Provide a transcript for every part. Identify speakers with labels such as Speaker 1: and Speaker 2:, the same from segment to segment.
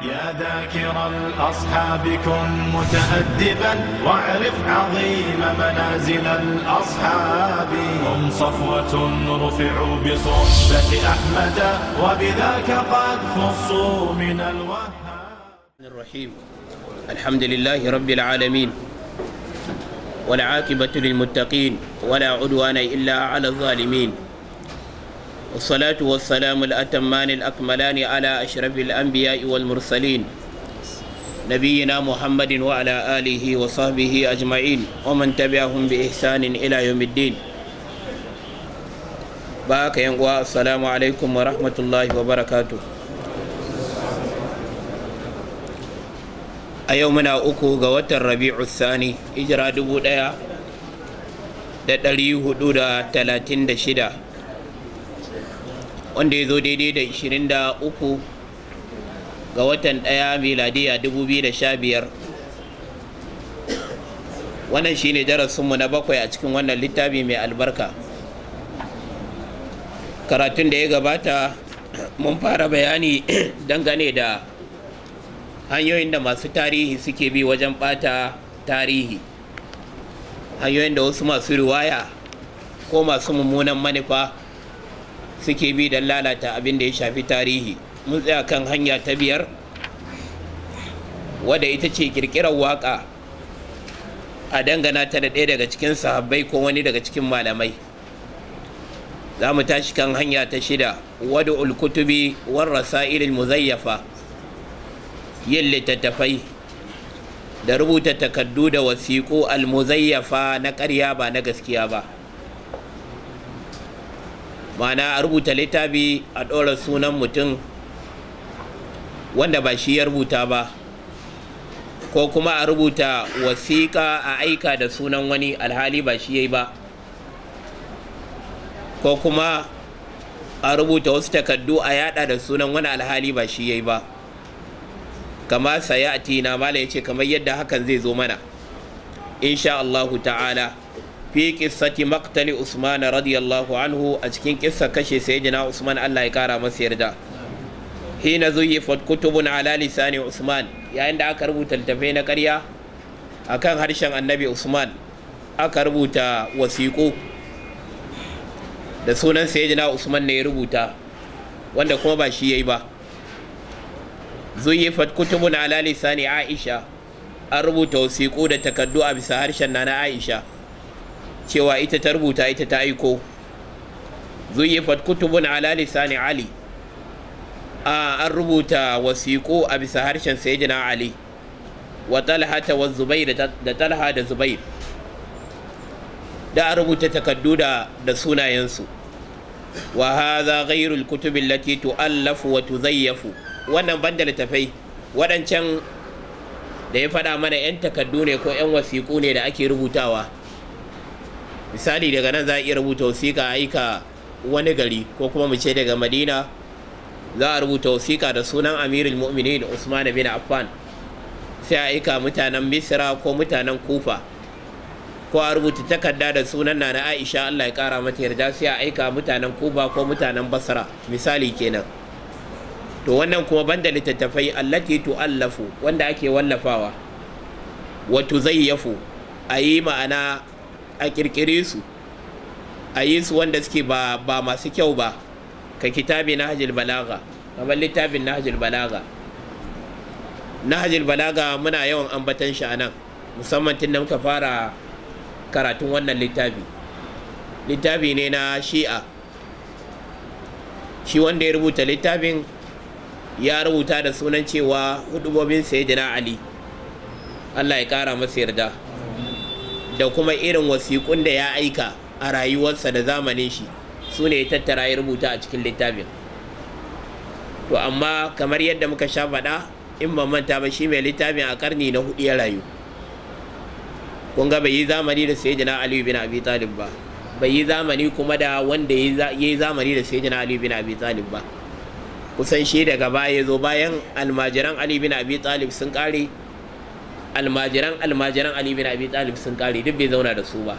Speaker 1: يا ذاكر الأصحاب كن متأدبا واعرف عظيم منازل الأصحاب هم صفوة رفعوا بصحبة أحمد وبذاك قد خصوا من الوهاب الرحيم الحمد لله رب العالمين والعاقبة للمتقين ولا عدوان إلا على الظالمين والصلاة والسلام الأتمان الأكملان على أشرف الأنبياء والمرسلين نبينا محمد وعلى آله وصحبه أجمعين ومن تبعهم بإحسان إلى يوم الدين باك ينقوى السلام عليكم ورحمة الله وبركاته أيومنا أكو قوة الربيع الثاني إجرى دبو ديا da ɗari hudu da talatin da shida wanda ya zo daidai da 23 ga watan ɗaya miladiya 2015 wannan shine darasinmu na bakwai a cikin wannan littafi mai albarka karatun da ya gabata mun fara bayani dangane da hanyoyin da masu tarihi suke bi wajen bata tarihi hanyoyin da wasu masu riwaya ko masu mummunan manufa suke bi don lalata abin da ya shafi tarihi mun tsaya kan hanya ta biyar wadda ita ce kirkirar waka a dangana ta da ɗaya daga cikin sahabbai ko wani daga cikin malamai za mu tashi kan hanya ta shida wadda ulkutubi warrasa irin muzayyafa yin littattafai da rubuta takardu da wasiƙu almuzayyafa na ƙarya ba na gaskiya ba ma'ana a rubuta littafi a ɗora sunan mutum wanda ba shi ya rubuta ba ko kuma a rubuta wasiƙa a aika da sunan wani alhali ba shi ya yi ba ko kuma a rubuta wasu takardu a yada da sunan wani alhali ba shi ya yi ba kama sayati na mala ya ce kamar yadda hakan zai zo mana insha Allahu ta'ala fi qissati maktali Usman radiyallahu anhu a cikin kissa kashe sayyidina Usman Allah ya kara masa yarda hina zuyyifat kutubun ala lisani Usman yayin da aka rubuta littafai na ƙarya akan harshen Annabi Usman aka rubuta wasiƙu da sunan sayyidina Usman ne ya rubuta wanda kuma ba shi yayi ba zuyyifat kutubun ala lisani Aisha an rubuta wasiƙu da takaddu a bisa harshen nana Aisha cewa ita ta rubuta ita ta aiko zuyifat kutubun ala lisani ali a an rubuta wasiƙu a bisa harshen sayyidina ali wa talhata ta wa zubair da talha da zubair da an rubuta takaddu da sunayensu wa hadha ghairul kutubi allati tu'allafu wa tuzayyafu wannan banda littafai waɗancan da ya faɗa mana 'yan takaddu ne ko 'yan wasiƙu ne da ake rubutawa misali daga nan za a iya rubuta wasiƙa aika wani gari ko kuma mu ce daga madina za a rubuta wasiƙa da sunan amirul mu'minin usman bin affan sai a aika mutanen misira ko mutanen kufa ko a rubuta takarda da sunan na aisha allah ya kara mata yarda sai a aika mutanen kufa ko mutanen basra misali kenan to wannan kuma banda littattafai allati tu'allafu wanda ake wallafawa wa tuzayyafu a yi ma'ana a kirkire su a yi su wanda suke ba masu kyau ba ka kitabi na hajjil balaga kamar littafin na hajjil balaga na hajjil balaga muna yawan ambatan shi a nan musamman tun da muka fara karatun wannan littafi littafi ne na shi'a shi wanda ya rubuta littafin ya rubuta da sunan cewa hudubobin sayyidina ali allah ya kara masa yarda da kuma irin wasiƙun da ya aika a rayuwarsa da zamanin shi su ne ya tattara ya rubuta a cikin littafin to amma kamar yadda muka sha faɗa in ba manta ba shi mai littafin a karni na hudu ya rayu kun ga bai yi zamani da jina aliyu bin abi talib ba bai yi zamani kuma da wanda ya yi zamani da jina aliyu bin abi talib ba kusan shi daga baya ya zo bayan almajiran aliyu bin abi talib sun kare almajiran almajiran ali bin abi talib sun kare duk bai zauna da su ba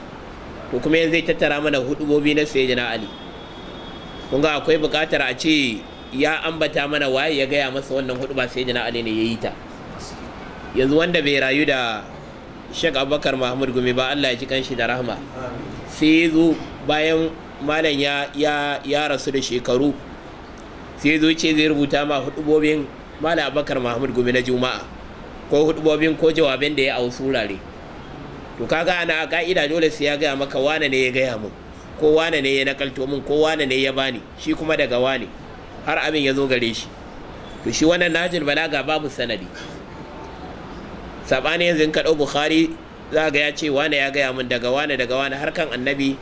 Speaker 1: ko kuma yanzu zai tattara mana hudubobi na sayyidina ali kun ga akwai bukatar a ce ya ambata mana waye ya gaya masa wannan huduba sayyidina ali ne yayi ta yanzu wanda bai rayu da Sheikh Abubakar Mahmud Gumi ba Allah ya ji kanshi da rahma sai zo bayan malam ya ya ya rasu da shekaru sai zo ce zai rubuta ma hudubobin malam Abubakar Mahmud Gumi na Juma'a ko hudubobin ko jawabin da ya a wasu wurare to kaga ana ka'ida dole sai ya gaya maka wane ne ya gaya mu ko wane ne ya nakalto mun ko wane ne ya bani shi kuma daga wane har abin ya zo gare shi to shi wannan bala balaga babu sanadi sabani yanzu in ka bukhari za ga ya ce wane ya gaya mun daga wane daga wane har kan annabi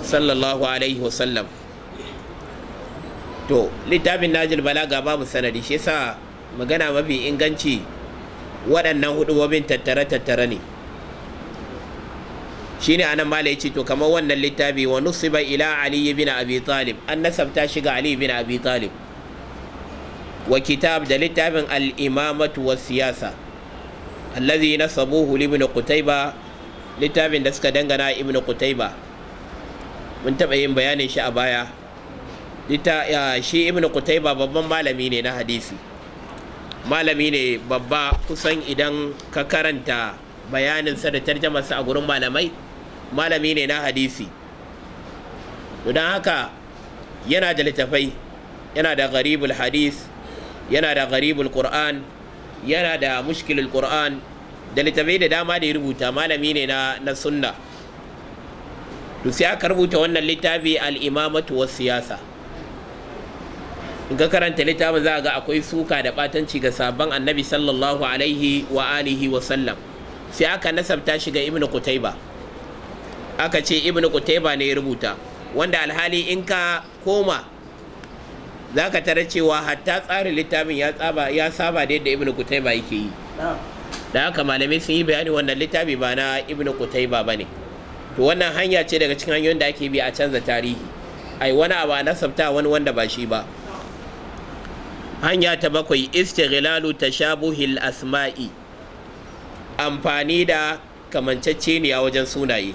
Speaker 1: sallallahu alaihi wasallam to littafin bala balaga babu sanadi shi yasa magana mafi inganci waɗannan hudubobin tattare tattare ne shine anan mala ce to kamar wannan littafi wa nusiba ila Aliyu, ibn abi talib an nasabta shiga Aliyu, bin ibn abi talib wa kitab da littafin al'imamatu wa siyasa allazi nasabuhu li ibn qutayba littafin da suka dangana ibn qutayba mun taɓa yin bayanin shi a baya shi ibn qutayba babban malami ne na hadisi malami ne babba kusan idan ka karanta bayaninsa da tarjamarsa a gurin malamai malami ne na hadisi don haka yana da littafai yana da garibul hadis yana da garibul qur'an yana da mushkilul qur'an da littafai da dama da ya rubuta malami ne na, sunna to sai aka rubuta wannan littafi al'imamatu wasu siyasa in ka karanta littafin za a ga akwai suka da batanci ga sabon annabi sallallahu alaihi wa alihi wa sallam sai aka nasabta shi ga ibnu kutaiba aka ce ibnu kutaiba ne ya rubuta wanda alhali in ka koma za ka tara cewa hatta tsarin littafin ya saba ya saba da yadda ibnu kutaiba yake yi da haka malamai sun yi bayani wannan littafi ba na ibnu kutaiba ba ne to wannan hanya ce daga cikin hanyoyin da ake bi a canza tarihi ai wani abu a nasabta wani wanda ba shi ba hanya ta bakwai istighlalu tashabuhil asma'i amfani da kamanceceniya wajen sunaye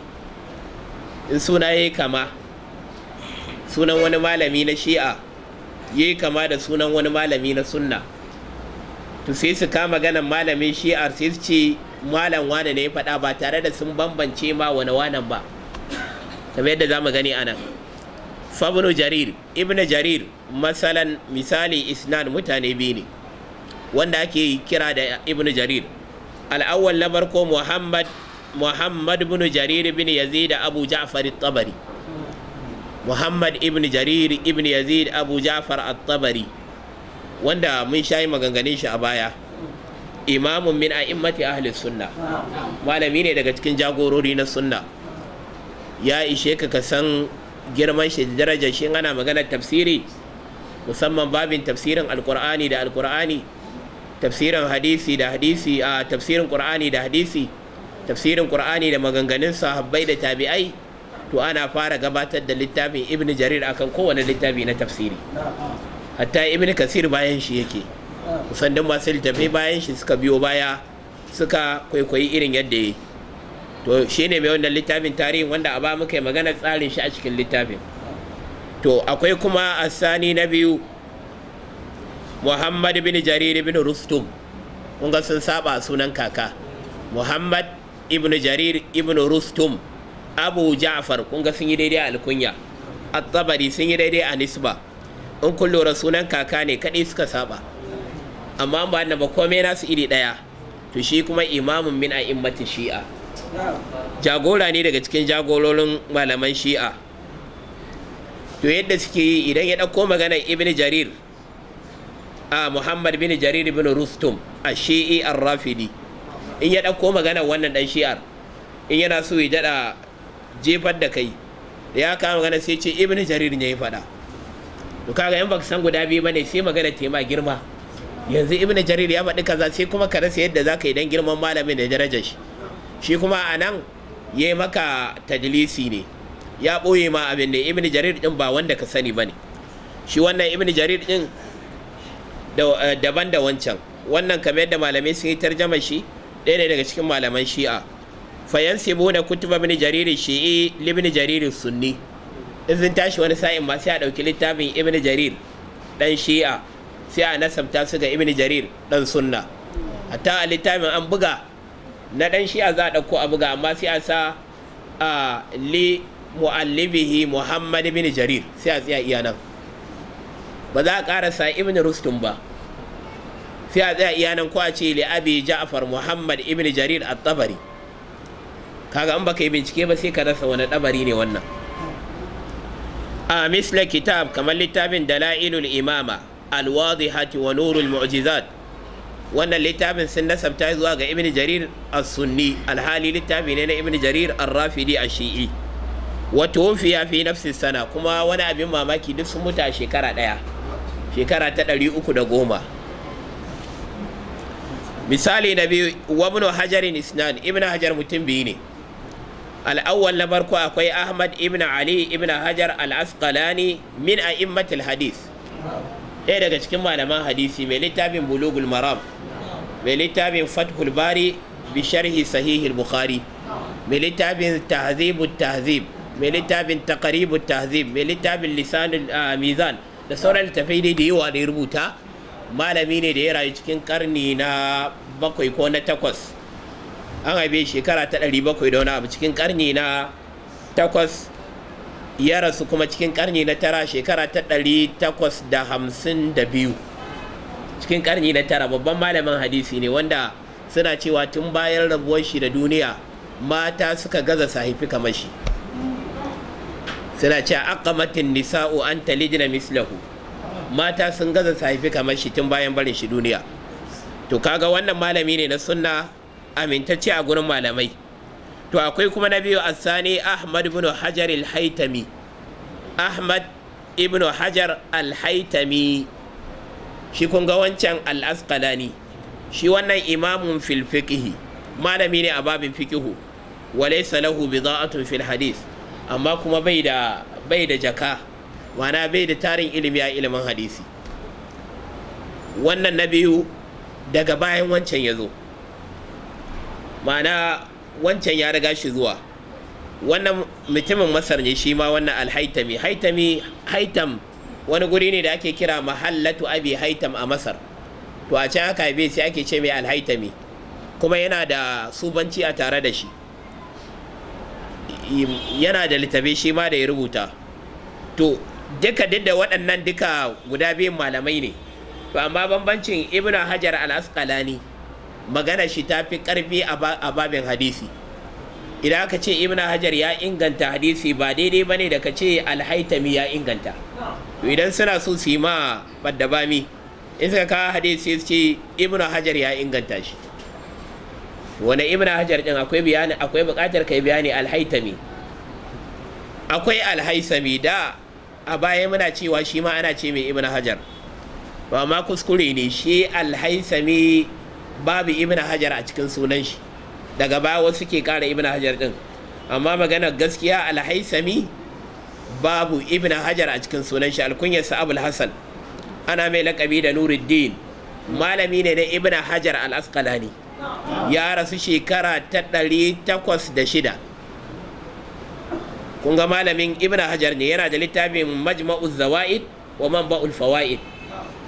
Speaker 1: in sunaye kama sunan wani malami na shi'a yi kama da sunan wani malami na sunna to sai su kama ganin malamin Shia sai su ce malam wane ne ya faɗa ba tare da sun bambance ma wane wanan ba kamar yadda za mu gani anan fabnu jarir ibnu jarir masalan misali isnan mutane biyu ne wanda ake kira da ibnu jarir al'awwal na farko muhammad muhammad ibn jarir ibn yazid abu ja'far at-tabari muhammad ibn jarir ibn yazid abu ja'far at-tabari wanda mun shayi maganganun shi a baya imamun min a'immati ahli sunna malami ne daga cikin jagorori na sunna ya ishe ka ka san girman shi da darajar shi ana magana tafsiri musamman babin tafsirin alkur'ani da alkur'ani tafsirin hadisi da hadisi a tafsirin qur'ani da hadisi tafsirin qur'ani da maganganun sahabbai da tabi'ai to ana fara gabatar da littafin ibn jarir akan kowane littafi na tafsiri hatta ibn kasir bayan shi yake kusan duk masu littafi bayan shi suka biyo baya suka kwaikwayi irin yadda yake to shi ne mai wannan littafin tarihi wanda a ba muka yi magana tsarin shi a cikin littafin to akwai kuma asani na biyu muhammad bin jarir bin rustum kun sun saba sunan kaka muhammad ibn jarir ibn rustum abu ja'far kun ga sun yi daidai a alkunya at-tabari sun yi daidai a nisba in kun lura sunan kaka ne kadai suka saba amma ba na ba komai nasu iri ɗaya. to shi kuma imamun min a'immati shi'a jagora ne daga cikin jagororin malaman shi'a to yadda suke yi idan ya ɗauko maganar ibn jarir a muhammad bin jarir bin rustum a shi'i rafidi in ya ɗauko maganar wannan ɗan shi'ar in yana so ya daɗa jefar da kai ya kama magana sai ce ibn jarir ne ya faɗa to kaga 'yan san guda biyu bane sai magana ma girma yanzu ibn jarir ya faɗi kaza sai kuma ka rasa yadda zaka yi dan girman malamin da darajar shi shi kuma a nan ya maka tadlisi ne ya ɓoye ma abin da ibn jarir din ba wanda ka sani ba ne shi wannan ibn jarir din eh, daban da wancan wannan kamar yadda malamai sun yi tarjama shi ɗaya ne daga cikin malaman shi'a fayansibu da kutuba ibn jarir shi'i ibn jarir sunni Izin tashi wani sa'in ma sai a ɗauki littafin ibn jarir dan shi'a sai a nasabta su ga ibn jarir dan sunna hatta a littafin an buga na dan shi a zaɗa ko a buga amma sai a sa a li mu'allibihi muhammad bin jarir sai a tsaya iya nan ba za a ƙara sa ibn rustum ba sai a tsaya iya nan ko a ce li abi ja'far muhammad ibn jarir at-tabari kaga in baka yi bincike ba sai ka rasa wani ɗabari ne wannan a misla kitab kamar littafin dala'ilul imama hati wa nurul mu'jizat wannan littafin sun nasabta zuwa ga ibn jarir a sunni alhali littafi ne na ibn jarir al rafidi a shii wa tuwfiya fi nafsin sana kuma wani abin mamaki duk sun mutu a shekara daya shekara ta ɗari uku da goma misali na biyu wabin ibn isnan ibn hajar mutum biyu ne al'awwal na farko akwai ahmad ibn ali ibn hajar al-asqalani min a'immatil hadith ɗaya daga cikin malaman hadisi mai littafin bulugul maram mai littafin fathul bari bi sharhi sahihil bukhari mai littafin tahzibu tahzib mai littafin taqribu tahzib mai littafin lisanul ah, mizan da sauran littafai dai da yawa da ya rubuta malami ne da ya rayu cikin karni na bakwai ko na takwas an haife shekara ta ɗari bakwai da wani abu cikin karni na takwas ya rasu kuma cikin karni na tara shekara ta ɗari takwas da hamsin da biyu cikin karni na tara babban malamin hadisi ne wanda suna cewa tun bayan rabuwar shi da duniya mata suka gaza sahifi kamar shi suna cewa aqamatin nisa'u an talijina mislahu mata sun gaza sahifi kamar shi tun bayan barin shi duniya to kaga wannan malami ne na suna amintacce a gurin malamai to akwai kuma na biyu asani ahmad ibn hajar al ahmad ibn hajar al-haitami shi kun ga wancan al-asqalani shi wannan imamun fil fiqhi malami ne a babin fiqhu walaysa lahu bida'atun fil hadith amma kuma bai da bai da jaka ma'ana bai da tarin ilimi a ilimin hadisi wannan na biyu daga bayan wancan ya zo ma'ana wancan ya riga shi zuwa wannan mutumin masar ne shi ma wannan alhaitami haitami haitam wani guri ne da ake kira mahallatu abi haitam a masar to a can aka haife sai ake ce mai alhaitami kuma yana da subanci a tare da shi yana da littafi shi ma da ya rubuta to duka duk da waɗannan duka guda biyun malamai ne to amma bambancin ibnu hajar al-asqalani magana shi ta fi karfi a babin hadisi idan aka ce ibn hajar ya inganta hadisi ba daidai ba ne da ka ce alhaitami ya inganta to idan suna so su yi ma baddabami in suka kawo hadisi su ce ibn hajar ya inganta shi wani ibn hajar din akwai bayani akwai bukatar kai bayani alhaitami akwai alhaisami da a baya muna cewa shi ma ana ce mai ibn hajar ba ma kuskure ne shi alhaisami babu ibn hajar a cikin sunan shi daga baya wasu ke kara ibn hajar din amma maganar gaskiya alhaisami babu ibn hajar a cikin sunan shi alkunyarsa abul hasan ana mai lakabi da nuruddin malami ne na ibn hajar al-asqalani ya rasu shekara ta ɗari takwas da shida kun ga malamin ibn hajar ne yana da littafin majma'uz zawa'id wa manba'ul fawa'id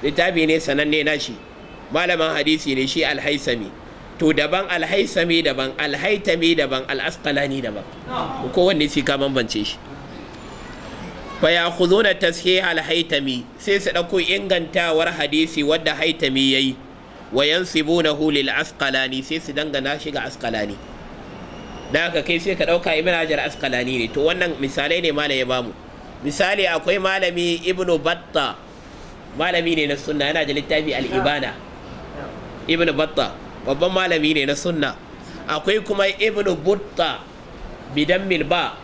Speaker 1: littafi ne sananne na shi malaman hadisi ne shi alhaisami to daban alhaisami daban alhaitami daban al'asqalani daban kowanne sai ka bambance shi fa ya khuduna tashih alhaitami sai su ɗauko ingantawar hadisi wadda haitami ya yi, wa 'yan na hulil asqalani sai su dangana shi ga asqalani da haka kai sai ka ɗauka ibn hajar asqalani ne to wannan misalai ne malai ya bamu misali akwai malami ibnu batta malami ne na sunna yana da littafi al-ibana ibn batta babban malami ne na sunna akwai kuma ibn butta bidan milba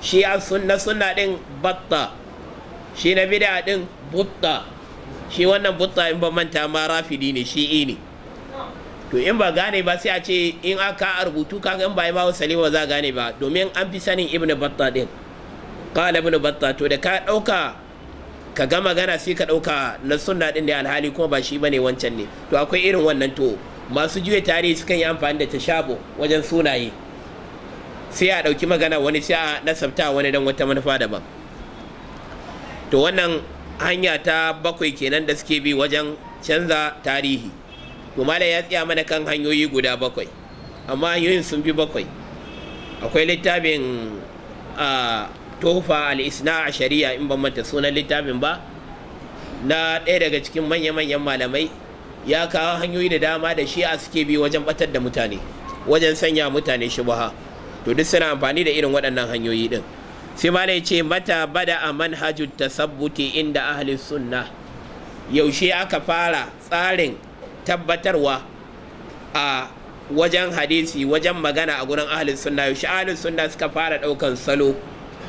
Speaker 1: shi a sunna sunna din batta shi na bida din butta shi wannan butta in ba manta ma rafidi ne shi'i ne to in ba gane ba sai a ce in aka rubutu ka in ba ba salima za gane ba domin an fi sanin ibn batta din kala ibn batta to da ka ɗauka. ka ga magana sai ka ɗauka na sunna ɗin da alhali kuma ba shi bane wancan ne to akwai irin wannan to masu juya tarihi sukan yi amfani da tashabo wajen sunaye sai a ɗauki magana wani sai a nasabta wani dan wata manufa daban to wannan hanya ta bakwai kenan da suke bi wajen canza tarihi to malai ya tsaya mana kan hanyoyi guda bakwai amma hanyoyin sun bi bakwai akwai littafin a ah, tofa al a shari'a in ban manta sunan littafin ba na ɗaya daga cikin manya-manyan malamai ya kawo hanyoyi da dama da shi a suke bi wajen batar da mutane wajen sanya mutane shubaha to duk suna amfani da irin waɗannan hanyoyi din sai ma ce mata bada a manhajut tasabbuti inda ahli sunna yaushe aka fara tsarin tabbatarwa a wajen hadisi wajen magana a gurin ahli sunna yaushe ahli sunna suka fara ɗaukan salo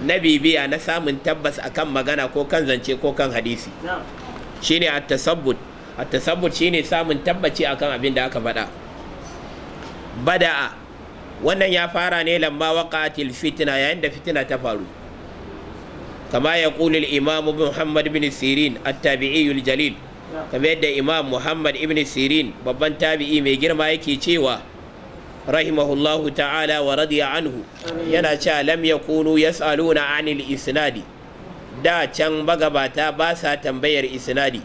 Speaker 1: na bibiya na samun tabbas akan magana ko kan zance ko kan hadisi ne a tasabbut shi ne shine samun tabbaci akan abin da aka faɗa bada'a wannan ya fara ne wa waqatil fitna yayin da fitina ta faru kama ya kuli al-imam Muhammad bin Sirin attabi'iyul jalil kama yadda imam Muhammad ibn Sirin babban tabi'i mai girma yake cewa rahimahullahu ta'ala wa radiya anhu yana cewa lam yakunu na anil isnadi da can magabata ba sa tambayar isnadi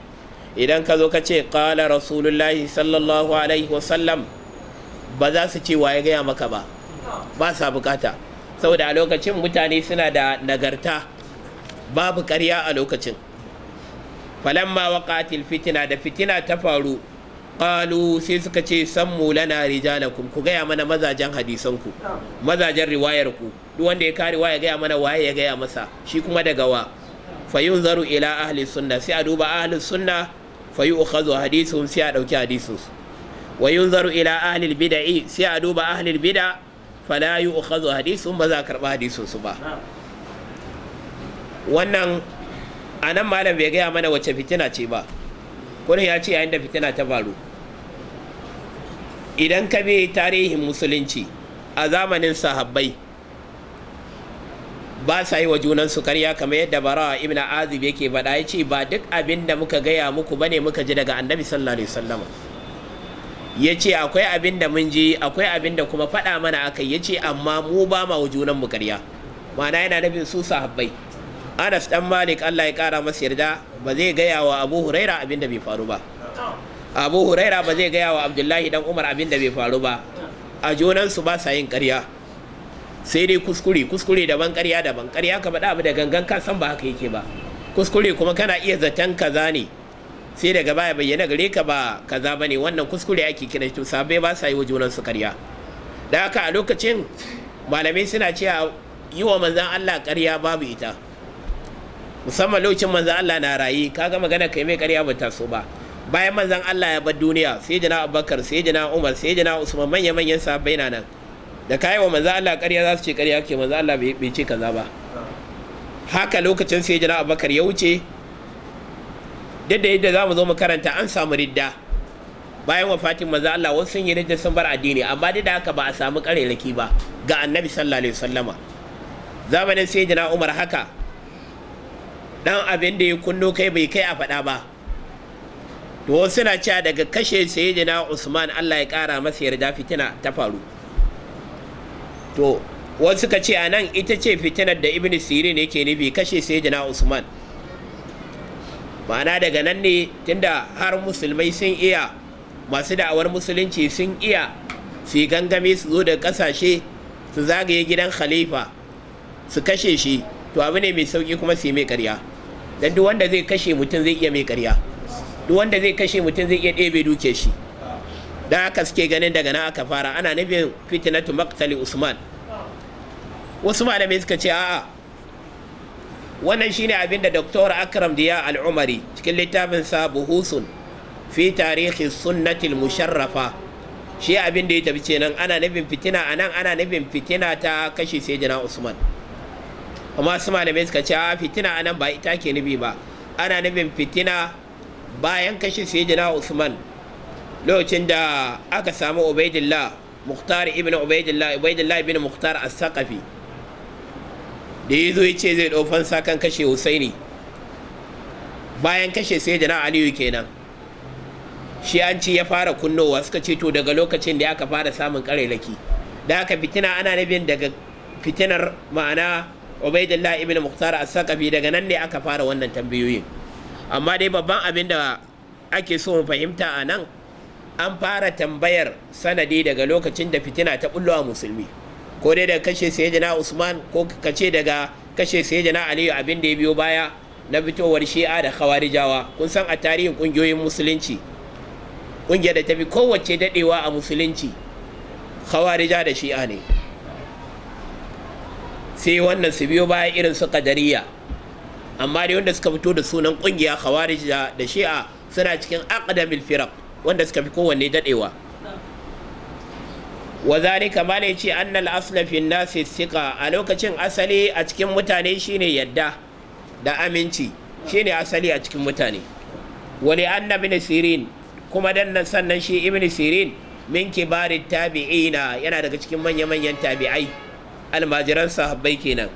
Speaker 1: idan ka zo ka ce qala rasulullahi sallallahu alaihi wasallam ba za su ce waye gaya maka ba ba sa bukata saboda a lokacin mutane suna da nagarta babu karya a lokacin falamma waqatil fitina da fitina ta faru qalu sai suka ce mu lana rijalakum ku gaya mana mazajen hadisanku mazajen riwayar ku duk wanda ya kare waya gaya mana waye ya gaya masa shi kuma daga wa zaru ila ahli sunna sai a duba ahli sunna fayu'khadhu hadisun sai a dauki hadisun su wayunzaru ila ahli bid'i sai a duba ahli bid'a fala yu'khadhu hadisun ba za a karba hadisun su ba wannan anan malam bai gaya mana wacce fitina ce ba kurin ya ce yayin da fitina ta faru idan ka bi tarihin musulunci a zamanin sahabbai ba sa yi wa junansu karya kamar yadda barawa ibn azib yake faɗa ya ce ba duk abin da muka gaya muku bane muka ji daga annabi sallallahu alaihi wasallama ya ce akwai abin da mun ji akwai abin da kuma faɗa mana akai ya ce amma mu ba ma wa junanmu karya Mana yana nufin su sahabbai anas dan malik allah ya kara masa yarda ba zai gaya wa abu huraira abin da bai faru ba abu huraira ba zai gaya wa abdullahi dan umar abin da bai faru ba a junansu ba sa yin karya sai dai kuskure kuskure daban karya daban karya ka faɗa abu da gangan ka san ba haka yake ba kuskure kuma kana iya zaton kaza ne sai daga baya bayyana gare ka ba kaza bane wannan kuskure ake kira to sabai ba sa yi wa junansu karya da haka a lokacin malamai suna cewa yi wa manzan Allah karya babu ita musamman lokacin manzan Allah na rayi kaga magana kai mai karya ba ta so ba bayan manzan Allah ya bar duniya sai jana Abubakar sai jana Umar sai jana Usman manya manyan sahabbai na nan da kai wa manzan Allah ƙarya za su ce ƙarya ke manzan Allah bai ce kaza ba haka lokacin sai jana Abubakar ya wuce duk da yadda za mu zo mu karanta an samu ridda bayan wafatin manzan Allah wasu sun yi ridda sun bar addini amma duk da haka ba a samu laki ba ga annabi sallallahu alaihi wasallama zamanin sai jana Umar haka dan abin da ya kunno kai bai kai a faɗa ba to wasu na cewa daga kashe sayyidina usman allah ya kara masa yarda fitina ta faru to wasu ka ce a nan ita ce fitinar da ibn sirin yake nufi kashe sayyidina usman ma'ana daga nan ne tunda har musulmai sun iya masu da'awar musulunci sun iya su yi gangame su zo da kasashe su zagaye gidan khalifa su kashe shi to abu ne mai sauki kuma su yi mai karya don duk wanda zai kashe mutum zai iya mai karya wanda zai kashe mutum zai iya ɗebe duke shi da aka suke ganin daga na aka fara ana nufin fitinatu maktali usman wasu malamai suka ce a'a wannan shine abin da doktor akram diya al'umari cikin littafin sa buhusun fi tarihi sunnatil musharrafa shi abin da ya tafi ce nan ana nufin fitina a nan ana nufin fitina ta kashe sayyidina usman amma su malamai suka ce a fitina a nan ba ita ke nufi ba ana nufin fitina bayan kashin sayyidina Usman lokacin da aka samu Ubaidillah Muktar ibn Ubaidillah Ubaidillah ibn Muktar As-Saqafi da ya yace zai dau fansa kan kashe Husaini bayan kashe sayyidina Aliyu kenan shi an ci ya fara kunnowa suka ce to daga lokacin da aka fara samun karelaki da aka fitina ana nabin daga fitinar ma'ana Ubaidillah ibn Muktar As-Saqafi daga nan ne aka fara wannan tambayoyin amma dai babban abin da ake so mu fahimta a nan an fara tambayar sanadi daga lokacin da fitina ta bullowa musulmi ko dai daga kashe sai jana usman ko kace daga kashe jana aliyu abin da ya biyo baya na fitowar shi'a da khawarijawa kun san a tarihin kungiyoyin musulunci kungiyar da ta fi kowace dadewa a musulunci khawarija da shi'a ne sai wannan su biyo baya irin su qadariya amma dai wanda suka fito da sunan kungiya khawarij da shi'a suna cikin aqdamil firaq wanda suka fi kowanne dadewa wa zalika ma ne ce annal asla fi nasi sika a lokacin asali a cikin mutane shine yadda da aminci shine asali a cikin mutane wali anna ibn sirin kuma dan nan sannan shi ibn sirin min kibarit tabi'ina yana daga cikin manya-manyan tabi'ai almajiran sahabbai kenan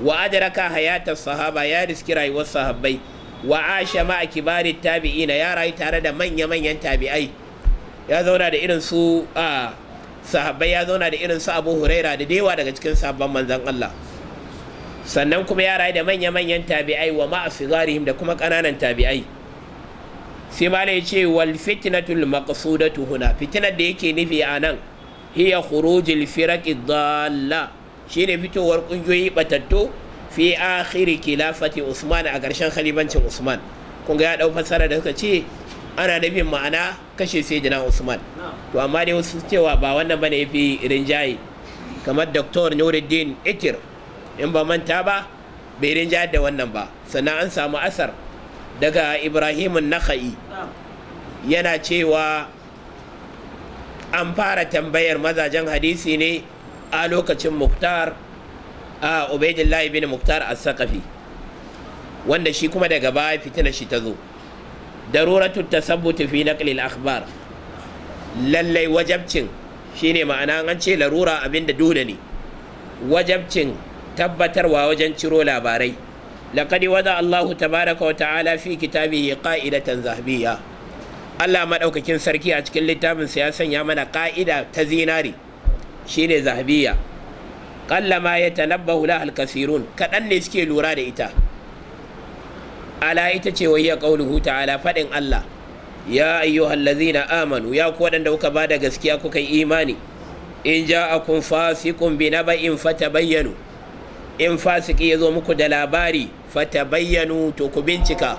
Speaker 1: wa adraka hayatar sahaba ya riski rayuwar sahabbai wa asha ma kibari tabi'ina ya rayu tare da manya-manyan tabi'ai ya zauna da irin su a sahabbai ya zauna da irin su Abu Huraira da dewa daga cikin sahabban manzon Allah sannan kuma ya rayu da manya-manyan tabi'ai wa ma'a sigarihim da kuma ƙananan tabi'ai sai mala ya ce wal fitnatul maqsudatu huna fitnar da yake nufi anan hiya khurujil firaqi dhalla shine fitowar kungiyoyi batattu fi akhiri lafati Usman a ƙarshen khalifancin Usman kun ga ya dau fassara da suka ce ana nufin ma'ana kashe sayyidina Usman to amma dai wasu cewa ba wannan bane yafi rinjaye kamar Dr. Nuruddin Ikir in ba manta ba bai rinjaye da wannan ba sannan an samu asar daga Ibrahim Nakhai yana cewa an fara tambayar mazajen hadisi ne a lokacin muktar a ubaidillahi bin muktar as sakafi. wanda shi kuma daga baya fitina shi ta zo daruratu tasabbuti fi naqli al-akhbar lallai wajabcin shine ma'ana an ce larura abinda dole ne wajabcin tabbatarwa wajen ciro labarai laqad wada Allahu tabaraka wa ta'ala fi kitabihi qa'idatan zahabiyya Allah madaukakin sarki a cikin littafin sa ya sanya mana ka'ida ta zinari shine zahabiyya ƙalla ma ya la al kathirun kadan ne suke lura da ita ala ita ce wayya qauluhu ta'ala faɗin Allah ya ayyuhallazina amanu ya ku wadanda kuka da gaskiya kuka yi imani in ja'akum fasiqun binaba'in fatabayyanu in fasiki ya zo muku da labari fata bayyanu to ku bincika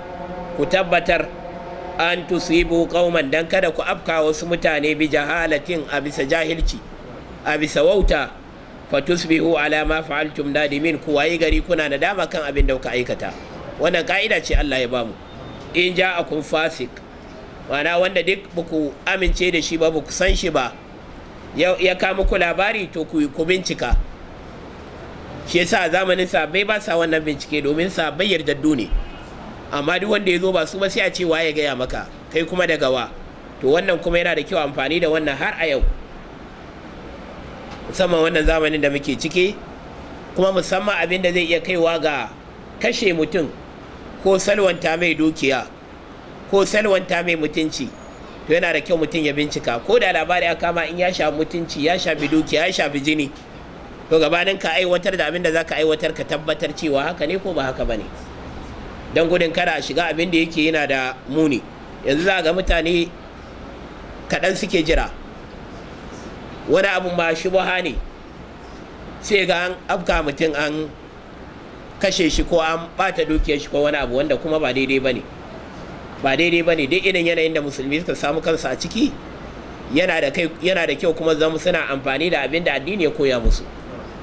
Speaker 1: ku tabbatar an tusibu qauman dan kada ku afka wasu mutane bi jahalatin a bisa jahilci a bisa wauta fatusbihu ala ma fa'altum nadimin ku waye gari kuna da dama kan abin da kuka aikata wannan ka'ida ce Allah ya bamu in ja'akum fasik ma'ana wanda duk buku amince da shi ba buku san shi ba ya kama ku labari to ku ku bincika shi yasa zamanin sabai ba sa wannan bincike domin sabai yardaddu ne amma duk wanda ya zo ba su ba sai a ce waye gaya maka kai kuma da gawa. to wannan kuma yana da kyau amfani da wannan har a yau musamman wannan zamanin da muke ciki kuma musamman abin da zai iya kaiwa ga kashe mutum ko salwanta mai dukiya ko salwanta mai mutunci to yana da kyau mutum ya bincika ko da labari a kama in ya shafi mutunci ya shafi dukiya ya shafi jini to gabanin ka aiwatar da abin da za ka aiwatar ka tabbatar cewa haka ne ko ba haka ba ne don gudun kada a shiga abin da yake yana da muni yanzu za ga mutane kaɗan suke jira wani abu ma shubuha ne sai ga an afka mutum an kashe shi ko an bata dukiyar shi ko wani abu wanda kuma ba daidai ba ne. ba daidai ba ne duk irin yanayin da musulmi suka samu kansu a ciki yana da kyau kuma zama suna amfani da abin da addini ya koya musu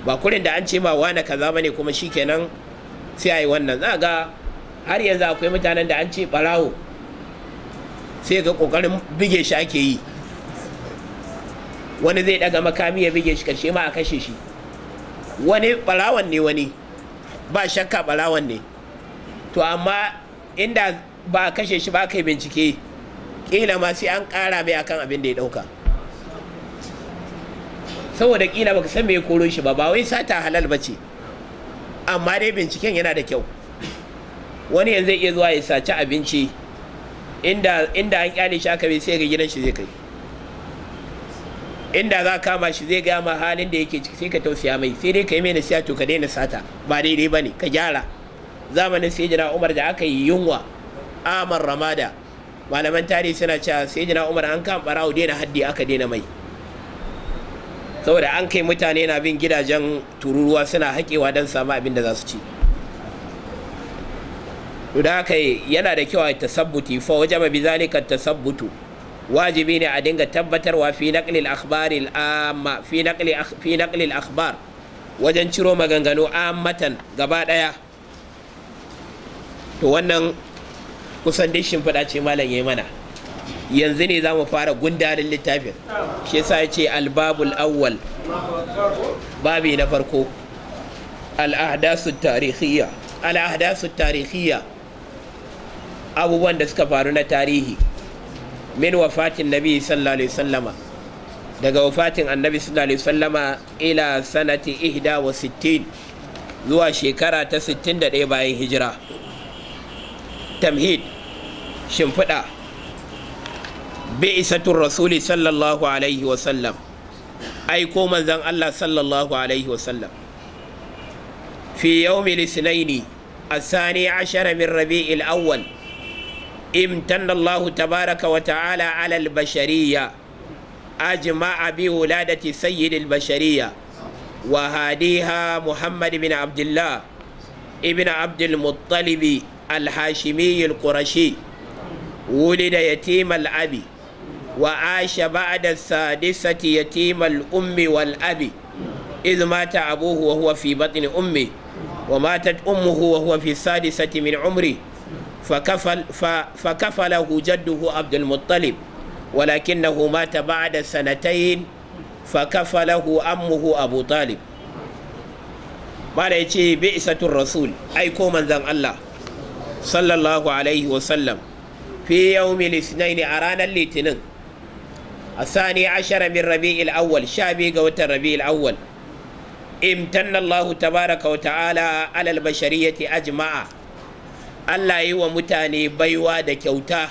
Speaker 1: ba kurin da an ce ma wani kaza ne kuma shi kenan sai ayi wannan za ga har yanzu akwai mutanen da an ce barawo sai ga kokarin bige shi ake yi wani zai daga makami ya bige shi karshe ma a kashe shi wani balawan ne wani ba shakka balawan ne to amma inda ba a kashe shi ba kai bincike kila ma sai an kara mai akan abin da ya dauka saboda kila baka san me ya koro shi ba ba wai sata halal bace amma dai binciken yana da kyau wani yanzu zai iya zuwa ya saci abinci inda an kyale shi aka bai sai ga gidan shi zai kai inda za kama shi zai gama halin da yake ciki sai ka tausaya mai sai dai ka yi mai nasiha to ka daina sata ba daidai ba ne ka gyara zamanin sayyidina Umar da aka yi yunwa amar ramada malaman tarihi suna cewa sayyidina Umar an kama barawo daina haddi aka daina mai saboda an kai mutane na bin gidajen tururuwa suna haƙewa don samu abin da za su ci da yana da kyau a tasabbuti fa wajen ma zalika tasabbutu wajibi ne a dinga tabbatarwa fi naqlil akhbari amma fi naqli fi akhbar wajen ciro maganganu ammatan gaba daya to wannan kusan dai shimfiɗa ce malam yayi mana yanzu ne za mu fara gundarin littafin shi yasa ya ce albabul awwal babi na farko tarihiyya al'ahdasu tarihiyya abubuwan da suka faru na tarihi min wafatin nabi sallallahu alaihi wasallama daga wafatin annabi sallallahu alaihi wasallama ila sanati ihda wa sittin zuwa shekara ta 61 bayan hijira tamhid shimfiɗa bi'isatun rasuli sallallahu alaihi wasallam aiko manzan Allah sallallahu alaihi wasallam fi yawmi lisnaini الثاني عشر من ربيع الأول امتن الله تبارك وتعالى على البشرية أجمع بولادة سيد البشرية وهاديها محمد بن عبد الله ابن عبد المطلب الهاشمي القرشي ولد يتيم الأب وعاش بعد السادسة يتيم الأم والأب إذ مات أبوه وهو في بطن أمه وماتت أمه وهو في السادسة من عمره فكفل فكفله جده عبد المطلب ولكنه مات بعد سنتين فكفله أمه أبو طالب ما يجي بئسة الرسول أي كومن ذن الله صلى الله عليه وسلم في يوم الاثنين أرانا الليتنين الثاني عشر من ربيع الأول شابي قوت الربيع الأول امتن الله تبارك وتعالى على البشرية أجمعاً Allah yi wa mutane baiwa da kyauta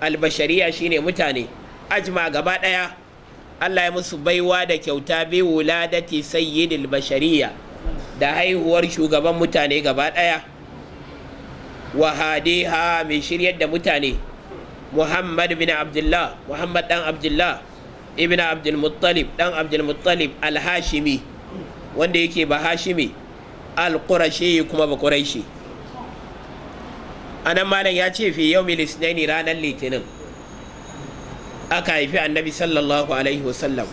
Speaker 1: albashariya shine mutane ajma gaba ɗaya Allah ya musu baiwa da kyauta bi wuladati sayyidil bashariya da haihuwar shugaban mutane gaba ɗaya wa hadiha mai shiryar da mutane muhammad bin abdullah muhammad dan abdullah ibn abdulmuttalib dan abdulmuttalib hashimi wanda yake ba hashimi al kuma ba quraishi anan malam ya ce fi yau milisnaini ranar litinin aka haifi annabi sallallahu alaihi wasallam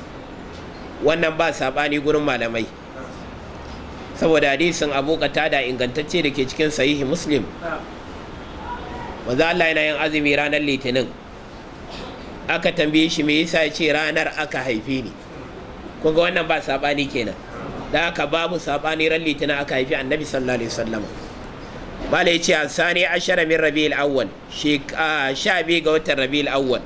Speaker 1: wannan ba saɓani gurin malamai saboda hadisin abu da ingantacce da ke cikin sahihi muslim maza Allah yana yin azumi ranar litinin aka tambaye shi me yasa ce ranar aka haife ni kuma wannan ba saɓani kenan da aka babu saɓani ran litinin aka haifi annabi sallallahu alaihi wasallam bala yace asani ashara min rabiul awwal sha biyu ga watan rabiul awwal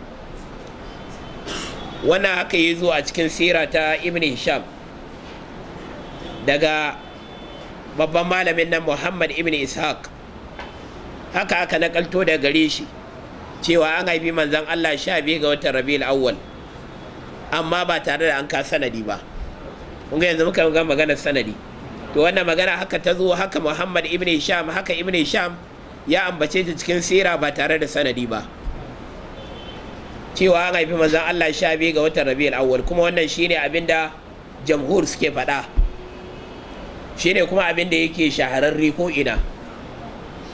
Speaker 1: wannan haka yi zuwa a cikin sira ta ibn hisham daga babban malamin nan muhammad ibn ishaq haka aka nakalto da gare shi cewa an haifi manzan allah sha biyu ga watan rabiul awwal amma ba tare da an ka sanadi ba kun ga yanzu muka ga maganar sanadi to wannan magana haka ta zo haka muhammad ibn sham haka ibn sham ya ambace ta cikin sira ba tare da sanadi ba cewa an haifi manzon allah sha biyu ga watan rabi'ul awwal kuma wannan shine abinda jamhur suke faɗa shine kuma abinda yake shahararre ko ina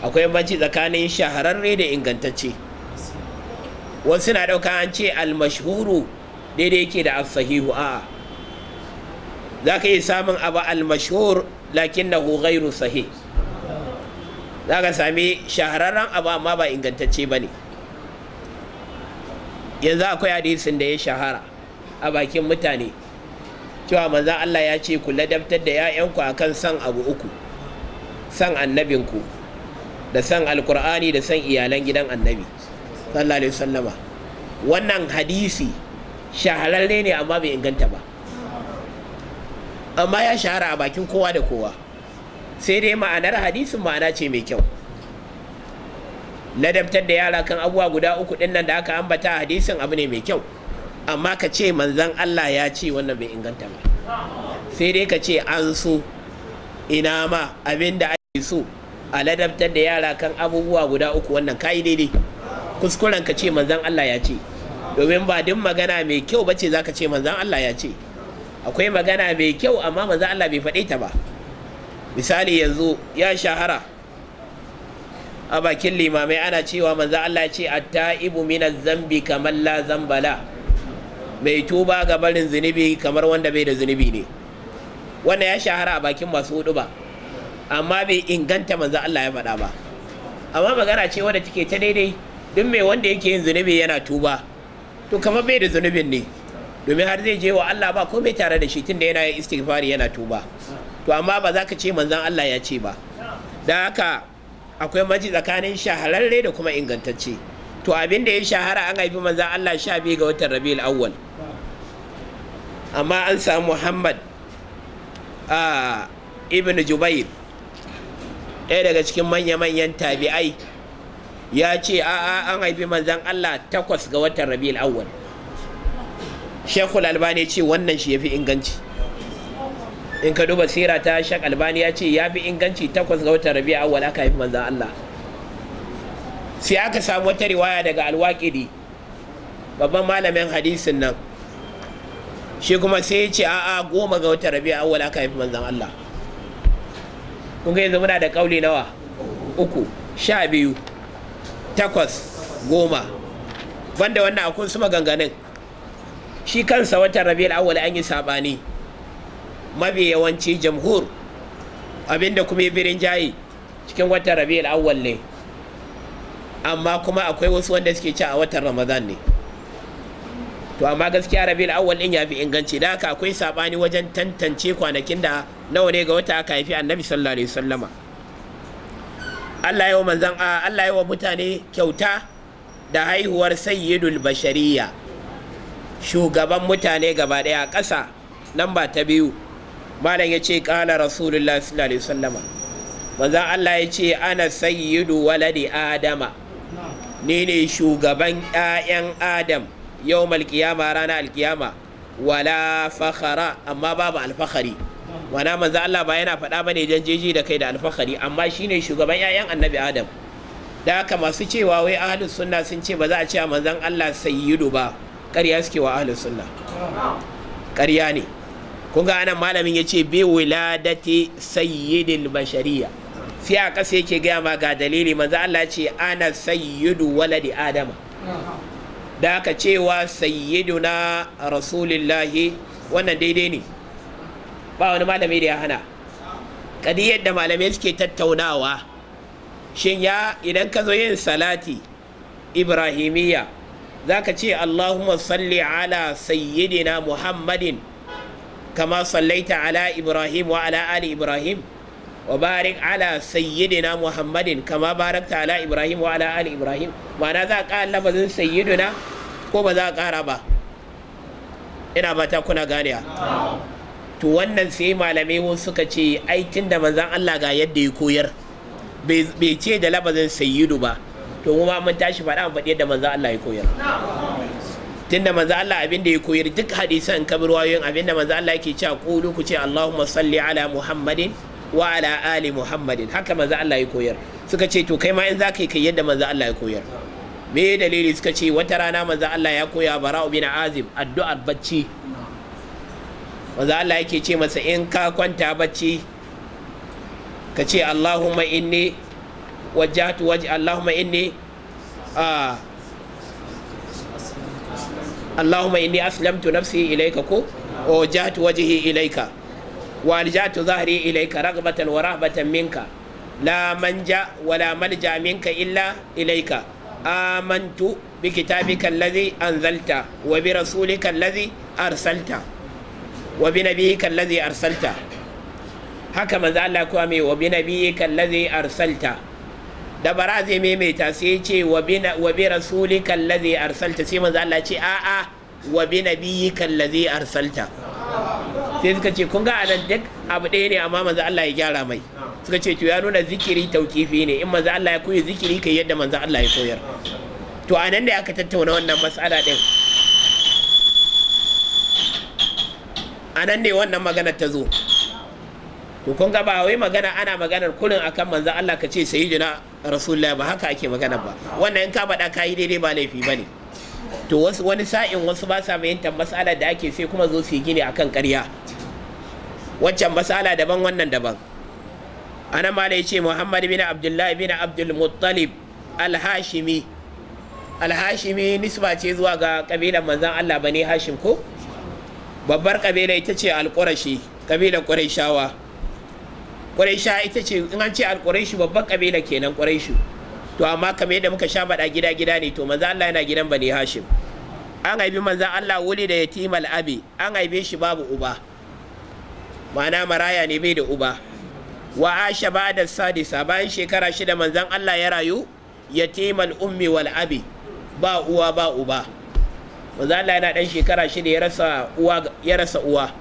Speaker 1: akwai banci tsakanin shahararre da ingantacce wasu na ɗauka an ce almashhuru daidai yake da as-sahihu a'a za ka iya samun abu lakin na ghairu sahi? za ka sami shahararren abu amma ba ingantacce ba ne yanzu akwai hadisin da ya shahara a bakin mutane cewa manzan Allah ya ce ku ladabtar da 'ya'yanku akan san abu uku san annabinku da san alkur'ani da san iyalan gidan annabi sallallahu alaihi wannan hadisi shahararre ne amma bai inganta ba amma ya shahara a bakin kowa da kowa sai dai ma'anar hadisin ma'ana ce mai kyau ladabtar da yara kan abubuwa guda uku din nan da aka ambata a hadisin abu ne mai kyau amma ka ce manzan Allah ya ce wannan bai inganta ba sai dai ka ce an so ina ma abin da ake so a ladabtar da yara kan abubuwa guda uku wannan ka yi daidai kuskuren ka ce manzan Allah ya ce domin ba duk magana mai kyau ba ce za ka ce manzan Allah ya ce akwai magana mai kyau amma manzo Allah bai faɗe ta ba misali yanzu ya shahara a bakin limamai ana cewa maza Allah ce at-ta'ibu min zambi kamar la zambala mai tuba ga barin zunubi kamar wanda bai da zunubi ne wannan ya shahara a bakin masu hudu ba amma bai inganta manzo Allah ya faɗa ba amma magana ce wanda take ta daidai duk mai wanda yake yin zunubi yana tuba to kamar bai da zunubin ne domin har zai je wa Allah ba komai tare da shi da yana yin istighfari yana tuba to amma ba za ka ce manzon Allah ya ce ba da haka akwai maji tsakanin shahararre da kuma ingantacce to abin da ya shahara an haifi manzon Allah sha biyu ga watan Rabiul Awwal amma an samu Muhammad a Ibn Jubair ɗaya daga cikin manya-manyan tabi'ai ya ce a'a an haifi manzon Allah takwas ga watan Rabiul Awwal shekul albani ce wannan shi ya fi inganci in ka duba sira ta shek albani ya ce ya fi inganci takwas ga watan rabi'a awwal aka haifi manzan allah sai aka samu wata riwaya daga alwaƙidi babban malamin hadisin nan shi kuma sai ya ce a'a goma ga watan rabi'a awwal aka haifi manzan allah kun ga yanzu muna da kauli nawa uku sha biyu takwas goma banda wannan akwai su maganganun shi kansa watan rabiul awwal an yi sabani mafi yawanci jamhur abinda kuma birin jayi cikin watan rabiul awwal ne amma kuma akwai wasu wanda suke ci a watan ramadan ne to amma gaskiya rabiul awwal din ya fi inganci da haka akwai sabani wajen tantance kwanakin da nawa ne ga wata aka haifi annabi sallallahu alaihi wasallama Allah ya wa wa mutane kyauta da haihuwar sayyidul bashariya shugaban mutane gaba daya ƙasa nan ba ta biyu malam ya ce ƙala rasulullah sallallahu alaihi wasallama manzan Allah ya ce ana sayyidu waladi adama ni ne shugaban 'ya'yan adam yau malkiyama rana alkiyama wala fakhara amma babu alfahari wana manzo Allah ba yana faɗa ne dan jeji da kai da alfahari amma shine shugaban 'ya'yan annabi adam da haka masu cewa wai ahlus sunna sun ce ba za a ce manzon Allah sayi Yudu ba ƙarya suke wa ahlus sunna ƙarya ne kun ga anan malamin ya ce bi wuladati sayyidil bashariya sai a ƙasa yake gaya ma ga dalili manzo Allah ce ana sayyidu waladi adama da aka cewa sayyiduna rasulillahi wannan daidai ne ba wani malami da ya hana kadi yadda malamai suke tattaunawa shin ya idan ka zo yin salati ibrahimiyya zaka ce Allahumma salli ala sayyidina Muhammadin kama sallaita ala Ibrahim wa ala ali Ibrahim wa barik ala sayyidina Muhammadin kama barakta ala Ibrahim wa ala ali Ibrahim ma'ana za ka ƙara lafazin sayyiduna ko ba za ka ƙara ba ina mata kuna gane to wannan sai malamai suka ce aikin da manzon Allah ga yadda ya koyar bai ce da labazin sayyidu ba to mu ma mun tashi faɗa mu faɗi yadda manzo Allah ya koyar tunda manzo Allah abin da ya koyar duk hadisan kabir wayoyin abin da manzo Allah yake cewa qulu ku ce Allahumma salli ala Muhammadin wa ala ali Muhammadin haka manzo Allah ya koyar suka ce to kai ma in zaka kai yadda manzo Allah ya koyar me dalili suka ce wata rana manzo Allah ya koya bara'u bin azib addu'ar bacci manzo Allah yake ce masa in ka kwanta bacci ka ce Allahumma inni wajjahtu waji Allahumma inni a Allahumma inni aslamtu nafsi ilayka ko wa wajjahtu wajhi ilayka wa alja'tu zahri ilayka raghbatan wa rahbatan minka la manja wala minka illa amantu بكتابك الذي أنزلت وبرسولك الذي أرسلت وبنبيك الذي أرسلت هكما ذا الله وبنبيك الذي أرسلت da bara zai maimaita sai ya ce wa bi rasulika allazi arsalta sai manzo Allah ce a'a wa bi nabiyyika allazi arsalta sai suka ce kun ga anan duk abu ɗaya ne amma manzo Allah ya gyara mai suka ce to ya nuna zikiri tauqifi ne in manzo Allah ya koyi zikiri kai yadda manzo Allah ya koyar to anan da aka tattauna wannan mas'ala din anan ne wannan magana ta zo to kun ga ba wai magana ana maganar kurin akan manzo Allah ka ce sayyidina rasulullahi ba haka ake magana ba wannan in ka faɗa ka yi daidai ba laifi ba ne to wani sa'in wasu ba sa fahimtar mas'ala da ake sai kuma zo su yi gini akan ƙarya waccan mas'ala daban wannan daban ana mala ya ce muhammad bin abdullahi bin abdul muttalib Alhashimi hashimi nisba ce zuwa ga kabilan manzan Allah bane hashim ko babbar kabila ita ce al-qurashi kabilan quraisha ita ce in an ce al quraishi babban kabila kenan quraishi to amma kamar yadda muka sha bada gida gida ne to manzo Allah yana gidan bani hashim an haibi manzo Allah wuli da yatimal abi an haibe shi babu uba ma'ana maraya ne bai da uba wa asha ba'da sadisa bayan shekara shida manzan Allah ya rayu yatimal ummi wal abi ba uwa ba uba manzo Allah yana dan shekara shida ya rasa uwa ya rasa uwa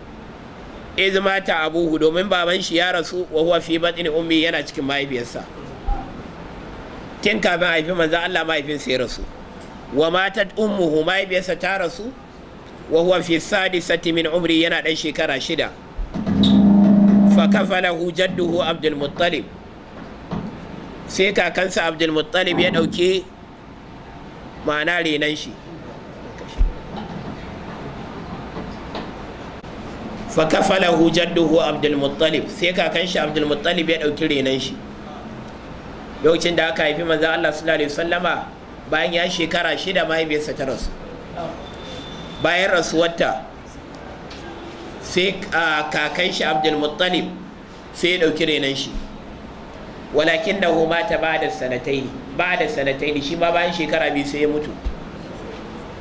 Speaker 1: iz mata abuhu domin baban shi ya rasu wa huwa fi ummi yana cikin mahaifiyarsa tun kafin haifi manzo Allah mahaifinsa ya rasu wa matat ummuhu mahaifiyarsa ta rasu wa huwa fi sadisati min umri yana dan shekara shida fa kafalahu jadduhu abdul muttalib sai kakansa abdul muttalib ya dauke ma'ana renan shi fa kafalahu jadduhu abdul muttalib sai kakan shi abdul muttalib ya dauki renan shi lokacin da aka haifi manzo Allah sallallahu alaihi wasallama bayan ya shekara shida mahaifiyarsa ta rasu bayan rasuwarta sai kakan shi abdul muttalib sai ya dauki renan shi walakin da hu ta ba da sanatai ba da sanatai shi ma bayan shekara biyu sai ya mutu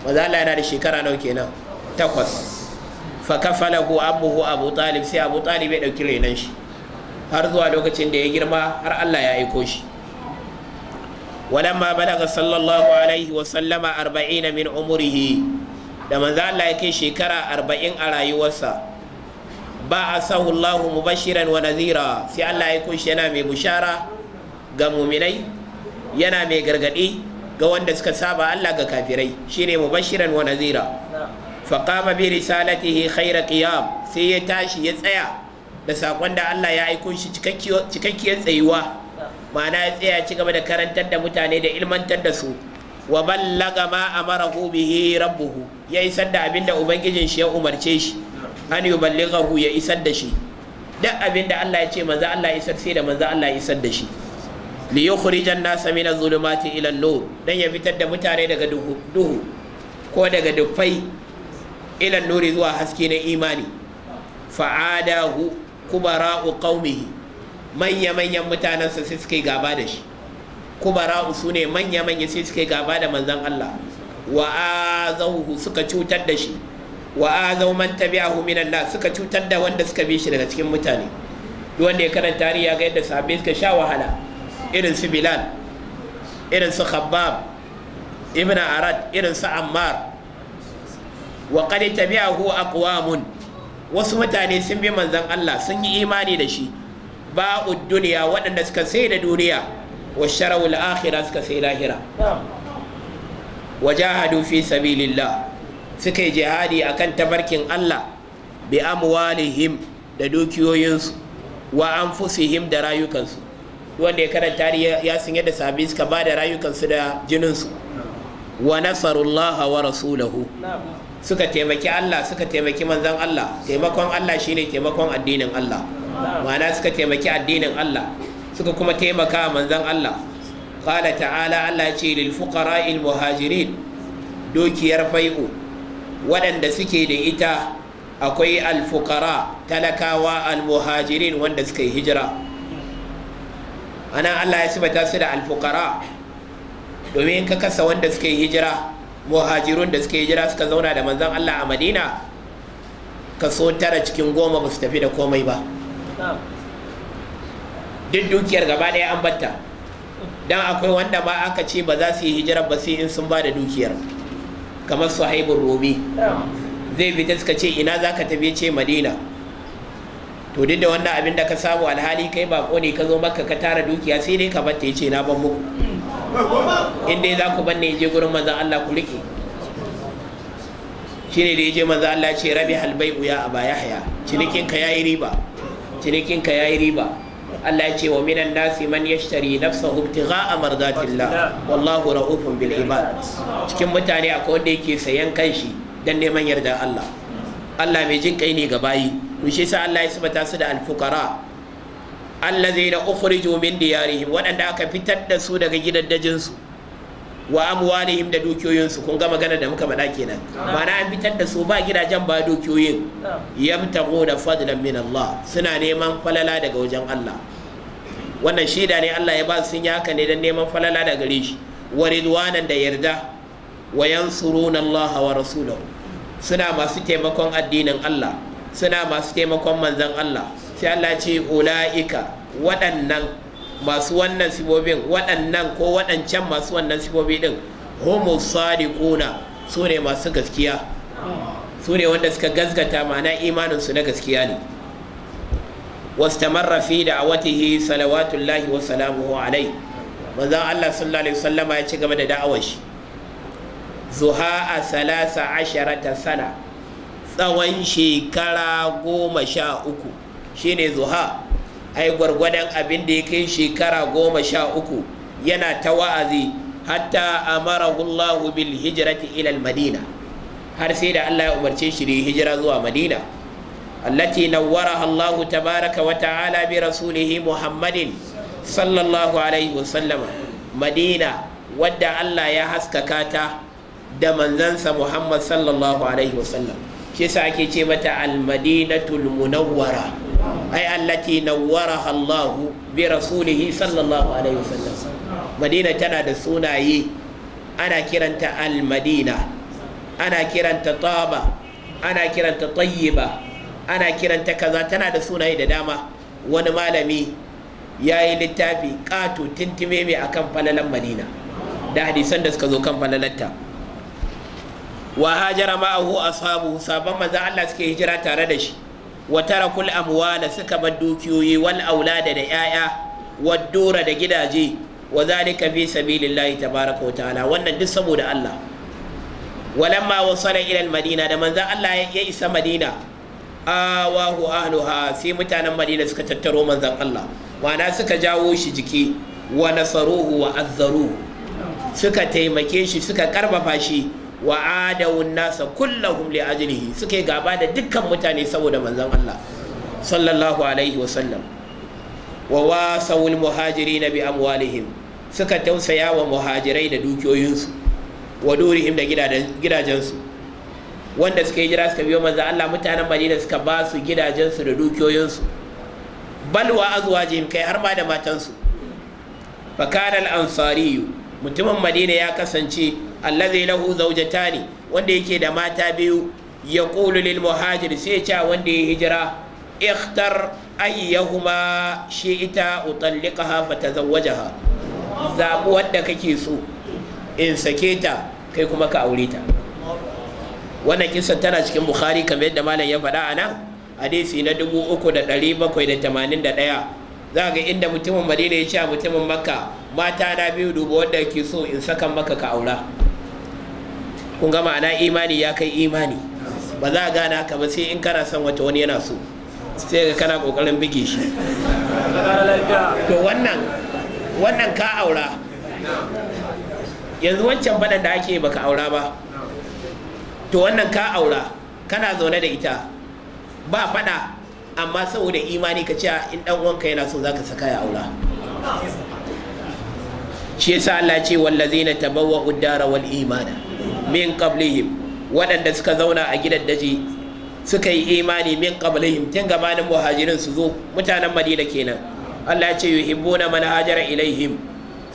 Speaker 1: manzo Allah yana da shekara nawa kenan takwas fa kafalahu abuhu abu talib sai abu talib ya ɗauki renan shi har zuwa lokacin da ya girma har Allah ya aiko shi walamma balaga sallallahu alaihi wa sallama 40 min umrihi da manzo Allah ya kai shekara arba'in a rayuwarsa ba a sahu Allah mubashiran wa nazira sai Allah ya shi yana mai bushara ga muminai yana mai gargadi ga wanda suka saba Allah ga kafirai shine mubashiran wa nazira faƙama bi risalatihi khaira qiyam sai ya tashi ya tsaya da sakon da Allah ya aiko shi cikakkiyar tsayuwa ma'ana ya tsaya ci gaba da karantar da mutane da ilmantar da su wa ballaga ma amarahu bihi rabbuhu ya isar da abinda ubangijin shi ya umarce shi an yuballighahu ya isar da shi duk abinda Allah ya ce manzo Allah ya isar sai da manzo Allah ya isar da shi li yukhrijan nasa min adh-dhulumati dan ya fitar da mutane daga duhu ko daga dufai ilan nuri zuwa haske na imani fa'adahu kubara'u qaumihi manya-manyan mutanen sai suka yi gaba da shi kubara'u su ne manya-manya sai suka yi gaba da manzan Allah wa azahu suka cutar da shi wa azau man tabi'ahu min Allah suka cutar da wanda suka bi shi daga cikin mutane duk wanda ya karanta tarihi ya ga yadda sahabbai suka sha wahala irin su Bilal irin su Khabbab ibn Arad irin su Ammar wa qad tabi'ahu aqwamun wasu mutane sun bi manzon Allah sun yi imani da shi ba'ud duniya waɗanda suka sai da duniya wa sharawul akhirah suka sai lahira wa jahadu fi sabilillah suka yi jihadi akan tabarkin Allah bi amwalihim da dukiyoyinsu wa anfusihim da rayukansu wanda ya karanta ya sun yadda sabi suka ba da rayukansu da jininsu wa nasarullaha wa rasulahu suka taimaki Allah suka taimaki manzon Allah taimakon Allah shine taimakon addinin Allah ma'ana suka taimaki addinin Allah suka kuma taimaka manzon Allah qala ta'ala Allah ya ce lil fuqara'il muhajirin dukiyar fai'u waɗanda suke da ita akwai alfukara talakawa almuhajirin wanda suka yi hijira ana Allah ya sibata su da alfukara domin ka kasa wanda suka yi hijira muhajirun da suka jira suka zauna da manzan Allah a Madina kaso tara cikin goma ba su tafi da komai ba duk dukiyar gaba ɗaya an batta dan akwai wanda ma aka ce ba za su yi hijira ba sai in sun ba da dukiyar kamar su haibun robi zai fita suka ce ina za ka tafi ce madina to duk da wannan abin da ka samu alhali kai bako ne ka zo maka ka tara dukiya sai dai ka batta ya ce na ban muku inda za ku banne je gurin manzan Allah ku rike ne da je manzan Allah ce rabi halbai uya a baya haya Cinikinka ya yi riba cinikin riba Allah ya ce wa minan nasi man yashtari nafsahu ibtigha'a mardatillah wallahu ra'ufun bil ibad cikin mutane akwai wanda yake sayan kanshi dan neman yarda Allah Allah mai jin kai ne ga bayi to shi Allah ya subata su da alfukara Allah zai allazina ukhriju min diyarihim waɗanda aka fitar da su daga gidan dajinsu wa amwalihim da dukiyoyinsu kun ga magana da muka bada kenan mana an fitar da su ba gidajen ba dukiyoyin da fadlan min Allah suna neman falala daga wajen Allah wannan shaida ne Allah ya ba su sun yi haka ne don neman falala daga gare shi wa ridwanan da yarda wa yansuruna Allah wa rasulahu suna masu taimakon addinin Allah suna masu taimakon manzon Allah sai Allah ce ula'ika waɗannan masu wannan sibobin waɗannan ko waɗancan masu wannan sibobi ɗin. Homo sadiquna su ne masu gaskiya su ne wanda suka gasgata ma'ana imaninsu na gaskiya ne واستمر في دعوته صلوات الله وسلامه alai, manzon Allah sallallahu alaihi wasallama ya ci gaba da da'awar shi zuha a salasa asharata sana tsawon shekara goma sha uku shine zuha ai gwargwadon abin da ya kai shekara goma sha uku yana ta wa'azi hatta a Allahu bil hijrati ila madina har sai da Allah ya umarce shi da hijira zuwa madina allati nawwaraha Allahu tabaraka wa ta'ala bi rasulihi Muhammadin sallallahu alaihi wa sallama madina wadda Allah ya haskaka ta da manzansa Muhammad sallallahu alaihi wa sallam shi ake ce mata al-madinatul munawwara ay allati nawwaraha Allah bi rasulihi sallallahu alaihi wasallam Madina tana da sunaye ana kiranta al-Madina ana kiranta Taba ana kiranta Tayyiba ana kiranta kaza tana da sunaye da dama wani malami ya yi littafi ƙato tintime mai akan falalan Madina da hadisan da suka zo kan falalanta wa hajara ma'ahu ashabu sabon maza Allah suke hijira tare da shi wa tarakul amwala suka bar dukiyoyi wal aulada da yaya wadora da gidaje wa zalika fi sabilillahi tabaraka wa ta'ala wannan duk saboda Allah walamma wasala ila madina da manzan Allah ya isa madina awahu ahluha sai mutanen madina suka tattaro manzan Allah wana suka jawo shi jiki wa nasaruhu wa azzaru suka taimake shi suka karfafa shi wa adawun nasa kullahum li ajlihi suke gaba da dukkan mutane saboda manzon Allah sallallahu alaihi wa sallam wa wasawul muhajirin bi amwalihim suka tausaya wa muhajirai da dukiyoyinsu wa durihim da gidajensu wanda suka hijira suka biyo manzon Allah mutanen Madina suka ba su gidajensu da dukiyoyinsu bal wa azwajihim kai har ma da matansu Fakanar ansariyu mutumin Madina ya kasance allazi lahu zawjatani wanda yake da mata biyu ya lil muhajir sai ya wanda ya hijira ikhtar ayyahuma shi'ita utalliqaha fatazawwajaha zabu wanda kake so in sake ta kai kuma ka aure ta wannan kisa tana cikin bukhari kamar yadda malam ya faɗa a nan hadisi na 3781 za ga inda mutumin madina ya ce a mutumin makka mata na biyu dubu wadda ke so in saka maka ka aura kun ga ma'ana imani ya kai imani ba za a gane haka ba sai in kana son wata wani yana so sai ga kana kokarin bige shi to wannan wannan ka aura yanzu wancan faɗan da ake baka aura ba to wannan ka aura kana zaune da ita ba faɗa amma saboda imani ka ce ah, in dan uwanka yana so zaka saka ya aura shi yasa Allah ce wallazina tabawwa uddara wal imana min qablihim waɗanda suka zauna a gidan daji suka yi imani min qablihim tun gabanin muhajirin su zo mutanen Madina kenan Allah ce yuhibbuna man hajara ilaihim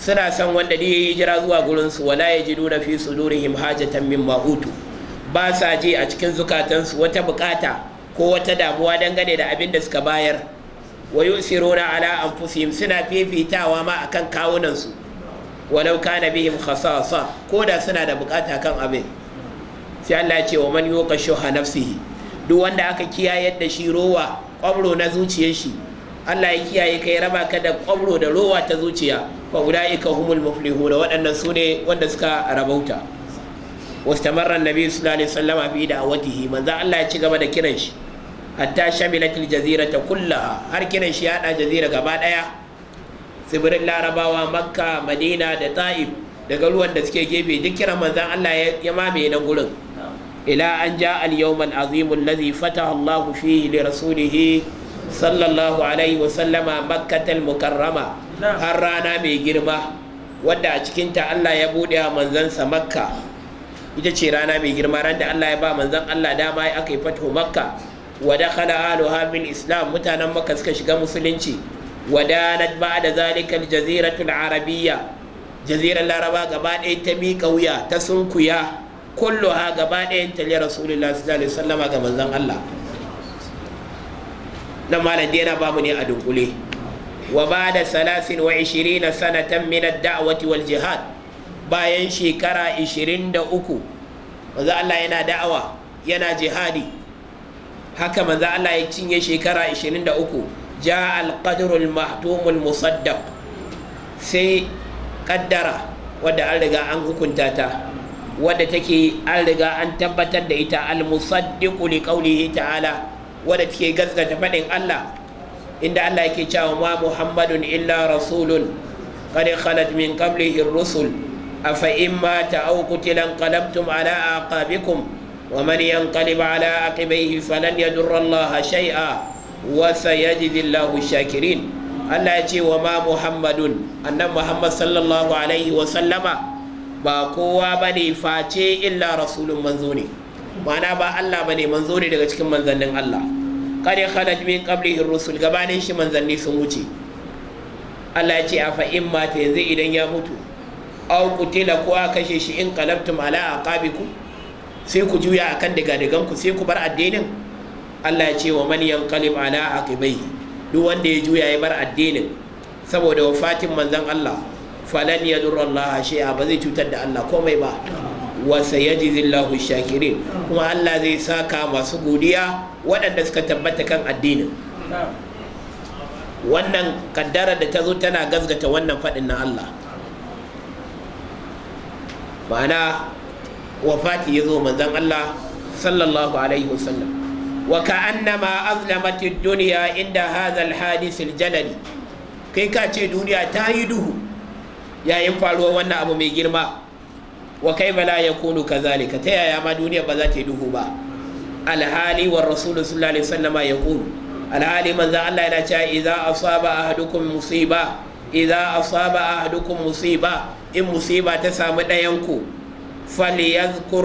Speaker 1: suna san wanda da yayi jira zuwa gurin su wala yajiduna fi sudurihim hajatan min ma'utu ba sa ji a cikin zukatansu wata bukata ko wata damuwa dangane da abin da suka bayar wa yusiruna ala anfusihim suna fifitawa ma akan su? walau kana bihim khasasa ko da suna da bukata kan abin sai Allah ya ce wa man yuqa shuha nafsihi duk wanda aka kiyaye da shi rowa kwabro na zuciyar shi Allah ya kiyaye kai raba ka da kwabro da rowa ta zuciya guda ika humul muflihun waɗannan sune wanda suka rabauta wastamarra annabi sallallahu alaihi wasallam fi da'watihi manzo Allah ya ci gaba da kiran shi hatta shamilatil jazirata kullaha har kiran shi ya da jazira gaba ɗaya. tsibirin larabawa makka madina da ta'ib daga ruwan da suke gefe duk kiran manzan allah ya mamaye nan gurin ila an ja al-yawmal azim allazi fataha allah li rasulihi sallallahu alaihi wa sallama makkatal mukarrama har rana mai girma wadda a cikinta allah ya buɗe wa manzansa makka ita ce rana mai girma ran da allah ya ba manzan allah dama ya aka yi fatahu makka wa dakhala aluha bil islam mutanen makka suka shiga musulunci wadanat ba'da da al-jaziratu al-arabiyya jazirar laraba gaba ɗaya ta miƙa wuya ta sunkuya kullu ha gaba ɗayan ta li rasulullah sallallahu ga manzon Allah nan malam dai bamu ne a dunkule wa ba'da salasin wa 20 sanatan min ad wal jihad bayan shekara 23 manzon yana da'awa yana jihadi haka manzon Allah ya cinye shekara 23 ja alƙadarul mahtumul musaddaq sai ƙaddara wadda an riga an hukunta ta wadda take an riga an tabbatar da ita al-musaddiqu li qawlihi ta'ala wadda take gaskata faɗin Allah inda Allah yake cewa ma Muhammadun illa rasulun qad khalat min qablihi ar-rusul afa imma aw qutilan ala aqabikum wa man yanqalib ala aqibayhi falan yadurra Allah shay'a wa sayajidillahu shakirin Allah ya ce wa ma Muhammadun annan Muhammad sallallahu alaihi wa sallama ba kowa bane face illa rasulun manzo ne Mana ba Allah bane manzo ne daga cikin manzannin Allah qad khalat min qablihi rusul gabanin shi manzanni sun wuce Allah ya ce a fa in yanzu idan ya mutu aw kutila ko aka kashe shi in qalabtum ala aqabikum sai ku juya akan daga daganku sai ku bar addinin Allah ya ce wa man yanqalib ala aqibai duk wanda ya juya ya bar addinin saboda wafatin manzon Allah falan yadurra Allah shay'a ba zai cutar da Allah komai ba wa sayajizillahu shakirin kuma Allah zai saka masu godiya waɗanda suka tabbata kan addinin wannan kaddara da ta zo tana gazgata wannan faɗin na Allah ma'ana wafati ya zo manzon Allah sallallahu alaihi wasallam وكأنما أظلمت الدنيا inda هذا الحادث الجلل kai ka ce duniya ta yi duhu yayin faruwar wannan abu mai girma wa kai bala ya kunu kazalika ta yaya ma duniya ba za ta yi duhu ba alhali wa rasulu sallallahu alaihi wasallama ya kunu alhali manzo Allah yana cewa idza asaba ahadukum musiba idza asaba ahadukum musiba in musiba ta sami ɗayan ku falyadhkur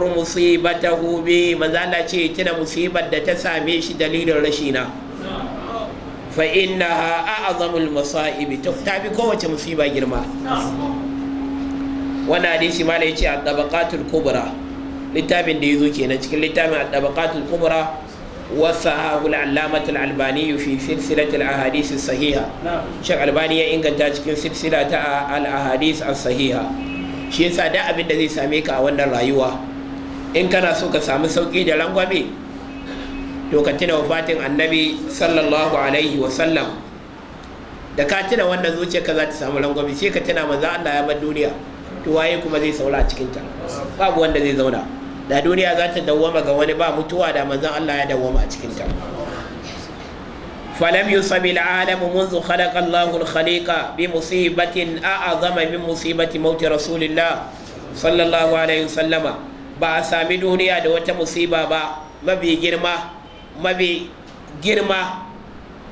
Speaker 1: ta gobe. manzo na ce tuna musibar da ta same shi dalilin rashina fa innaha a'zamul masa'ib ta fi kowace musiba girma wannan hadisi ma yace at-tabaqatul kubra littafin da yazo kenan cikin littafin at-tabaqatul kubra wa sahahu al-allamatul fi silsilatil ahadith as-sahiha shek albani ya inganta cikin silsila ta al-ahadith as-sahiha shi yasa da abin da zai same ka a wannan rayuwa in kana so ka samu sauki da langwame to ka tuna wafatin annabi sallallahu alaihi wa sallam da ka tuna wannan zuciyarka za ta samu langwame sai ka tuna maza Allah ya bar duniya to waye kuma zai saura a cikin ta babu wanda zai zauna da duniya za ta dawwama ga wani ba mutuwa da manzon Allah ya dawwama a cikin ta فلم يصب العالم منذ خلق الله الخليقة بمصيبة أعظم من مصيبة موت رسول الله صلى الله عليه وسلم ba a sami duniya da wata musiba ba mabi girma mabi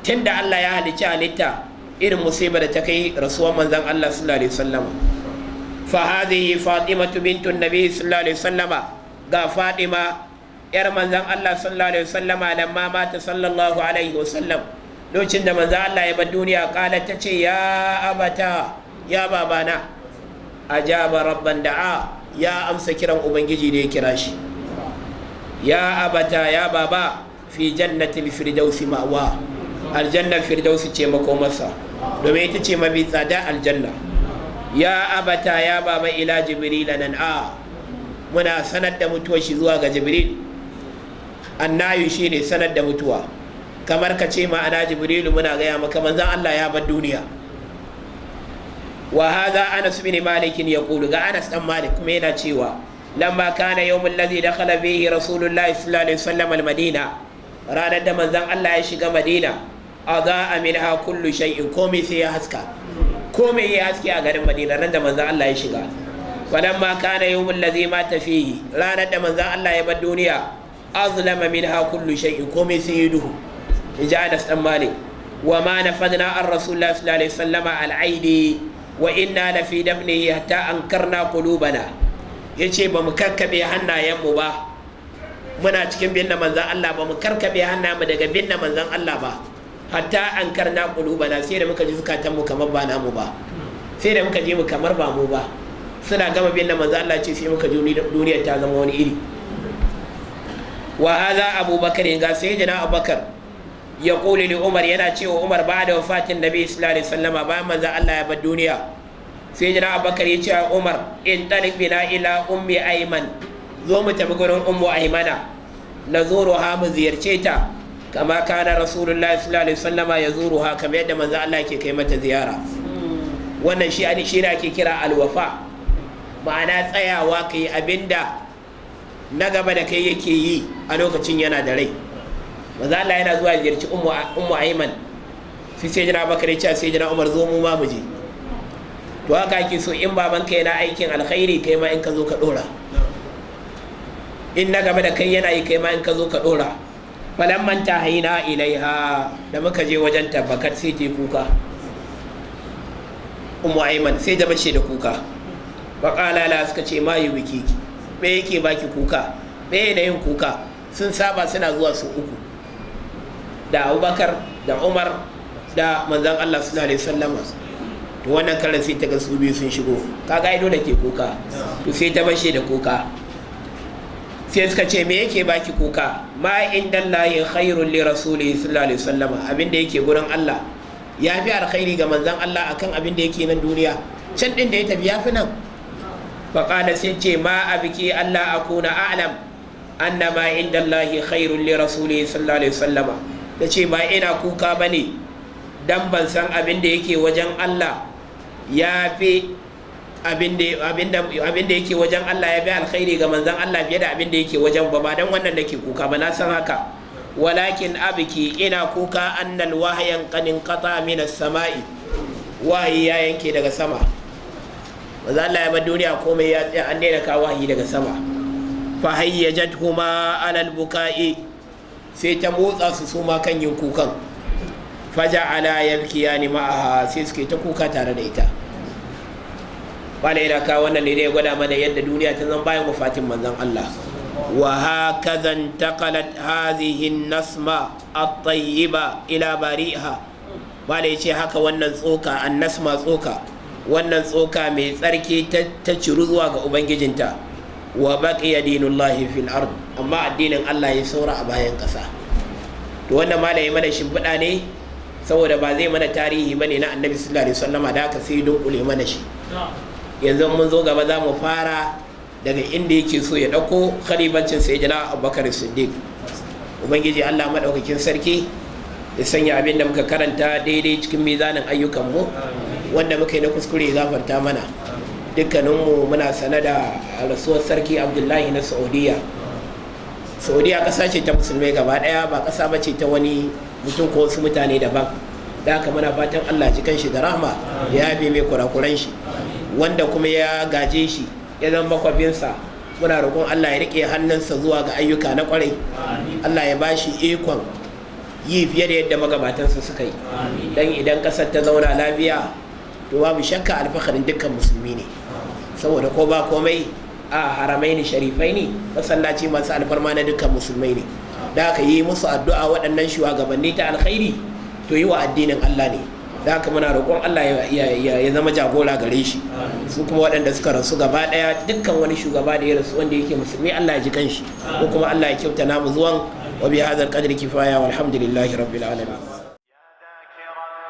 Speaker 1: tun da Allah ya halicci halitta irin musiba da ta kai rasuwar manzon Allah sallallahu alaihi wasallam fa hadhihi fatimatu bintun nabi sallallahu alaihi ga fatima yar manzan Allah sallallahu alaihi wasallam lamma mata sallallahu alaihi wasallam lokacin da manzan Allah ya bar duniya kala ta ce ya abata ya babana ajaba rabban da'a ya amsa kiran ubangiji da ya kira shi ya abata ya baba fi jannatil firdausi ma'wa aljannar firdausi ce makomarsa domin ita ce mafi tsada aljanna ya abata ya baba ila jibril nan a muna sanar da mutuwar shi zuwa ga jibril annayu shine sanar da mutuwa kamar ka ce ma ma'ana jibrilu muna gaya maka manzon Allah ya bar duniya wa hadha anas bin malik yaqulu ga anas dan malik kuma yana cewa lamma kana yawmul ladhi dakhala bihi rasulullahi sallallahu alaihi wasallam almadina ranar da manzon Allah ya shiga madina adaa minha kullu shay'in komai sai ya haska komai ya haske a garin madina ran da manzon Allah ya shiga falamma kana yawmul ladhi mata fihi ranar da manzon Allah ya bar duniya azlama minha kullu shay'in komai sun yi duhu in ji Anas dan Malik wa ma nafadna an rasulullahi sallallahu alaihi wasallama al aidi wa inna la fi dafnihi hatta ankarna qulubana yace ba mu karkabe hannayen mu ba muna cikin binne manzan Allah ba mu karkabe hannayen mu daga binne manzan Allah ba hatta ankarna qulubana sai da muka ji zukatan mu kamar ba namu ba sai da muka ji mu kamar ba mu ba suna gama binne manzan Allah ce sai muka ji duniyar ta zama wani iri wa hadha abubakar ga sayyidina abubakar ya kuli li umar yana cewa umar ba da wafatin nabi sallallahu alaihi wasallama bayan manzo Allah ya bar duniya sayyidina abubakar ya ce wa umar in tariq bina ila ummi ayman zo mu tafi gurin ummu aymana na zuruha mu ziyarce ta kama kana rasulullahi sallallahu alaihi wasallama ya zuruha kamar yadda manzo Allah ke kai mata ziyara wannan shi ne ke kira alwafa ma'ana tsayawa kai abinda na gaba da kai yake yi a lokacin yana da rai maza Allah yana zuwa ziyarci ummu aiman sai sai jina bakare cewa sai jina umar zo mu ma mu je to haka ake so in baban ka yana aikin alkhairi kai ma in ka zo ka dora in na gaba da kai yana yi kai ma in ka zo ka dora falan manta haina ilaiha da muka je wajen tabbakar sai ta kuka umu aiman sai da bace da kuka baƙala la suka ce ma yi wiki me yake baki kuka me na yin kuka sun saba suna zuwa su uku da abubakar da umar da manzan allah suna alaihi sallama to wannan karin sai ta gasu su biyu sun shigo ga ido da ke kuka to sai ta bashe da kuka sai suka ce me yake baki kuka ma inda lahi khairun li rasuli sallallahu alaihi sallama abin da yake gurin allah ya fi alkhairi ga manzan allah akan abin da yake nan duniya can din da ya tafi ya fi nan faƙada sun ce ma a biki allah a kuna alam annama inda allahi khairun li rasuli sallallahu alaihi wasallama ta ce ba ina kuka ba ne don ban san abin da yake wajen allah ya fi abin da yake wajen allah ya fi alkhairi ga manzan allah fiye da abin da yake wajen ba ba don wannan da ke kuka ba na san haka walakin abiki ina kuka annal wahayan kanin kata minas sama'i wahayi ya yanke daga sama manzo Allah ya bar duniya komai ya tsaya an daina kawo wahayi daga sama fa kuma alal buka'i sai ta motsa su suma kan yin kukan ya yabkiyani ma'aha sai suke ta kuka tare da ita bala ila ka wannan ne ya gwada mana yadda duniya ta zan bayan wafatin manzon Allah wa hakaza intaqalat hadhihi nasma at-tayyiba ila bariha bala yace haka wannan tsoka an-nasma tsoka wannan tsoka mai tsarki ta ciru zuwa ga ubangijinta wa baqiya lahi fil ard amma addinin Allah ya saura a bayan ƙasa to wannan malami mana shimfiɗa ne saboda ba zai mana tarihi ba ne na annabi sallallahu alaihi wasallam da aka sai dunkule mana shi yanzu mun zo gaba za mu fara daga inda yake so ya ɗauko khalifancin sai jana abubakar siddiq ubangiji allah maɗaukakin sarki ya sanya abin da muka karanta daidai cikin mizanin ayyukanmu wanda muka yi na kuskure ya mana dukkaninmu muna sana da rasuwar sarki abdullahi na saudiya saudiya kasa ce ta musulmai gaba daya. ba kasa ba ce ta wani mutum ko wasu mutane daban da haka muna fatan allah ji kanshi da rahma ya bi mai kurakuran shi wanda kuma ya gaje shi ya zama makwabinsa muna roƙon allah ya riƙe hannunsa zuwa ga ayyuka na kwarai allah ya ba shi ikon yi fiye da yadda magabatansa suka yi don idan ƙasar ta zauna lafiya to babu shakka alfaharin dukkan musulmi ne saboda ko ba komai a haramai ne sharifai ne masallaci masu alfarma na dukkan musulmai ne da aka yi musu addu'a waɗannan shugabanni ta alkhairi to yi wa addinin Allah ne da haka muna roƙon Allah ya zama jagora gare shi su kuma waɗanda suka rasu gaba ɗaya dukkan wani shugaba da ya rasu wanda yake musulmi Allah ya ji kanshi ko kuma Allah ya kyauta namu zuwan wa bi hadzal qadri kifaya walhamdulillahi rabbil alamin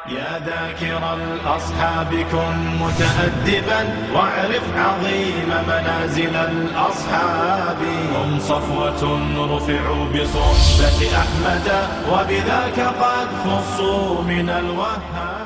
Speaker 1: يا ذاكر الأصحاب كن متأدبا واعرف عظيم منازل الأصحاب هم صفوة رفعوا بصحبة أحمد وبذاك قد خصوا من الوهاب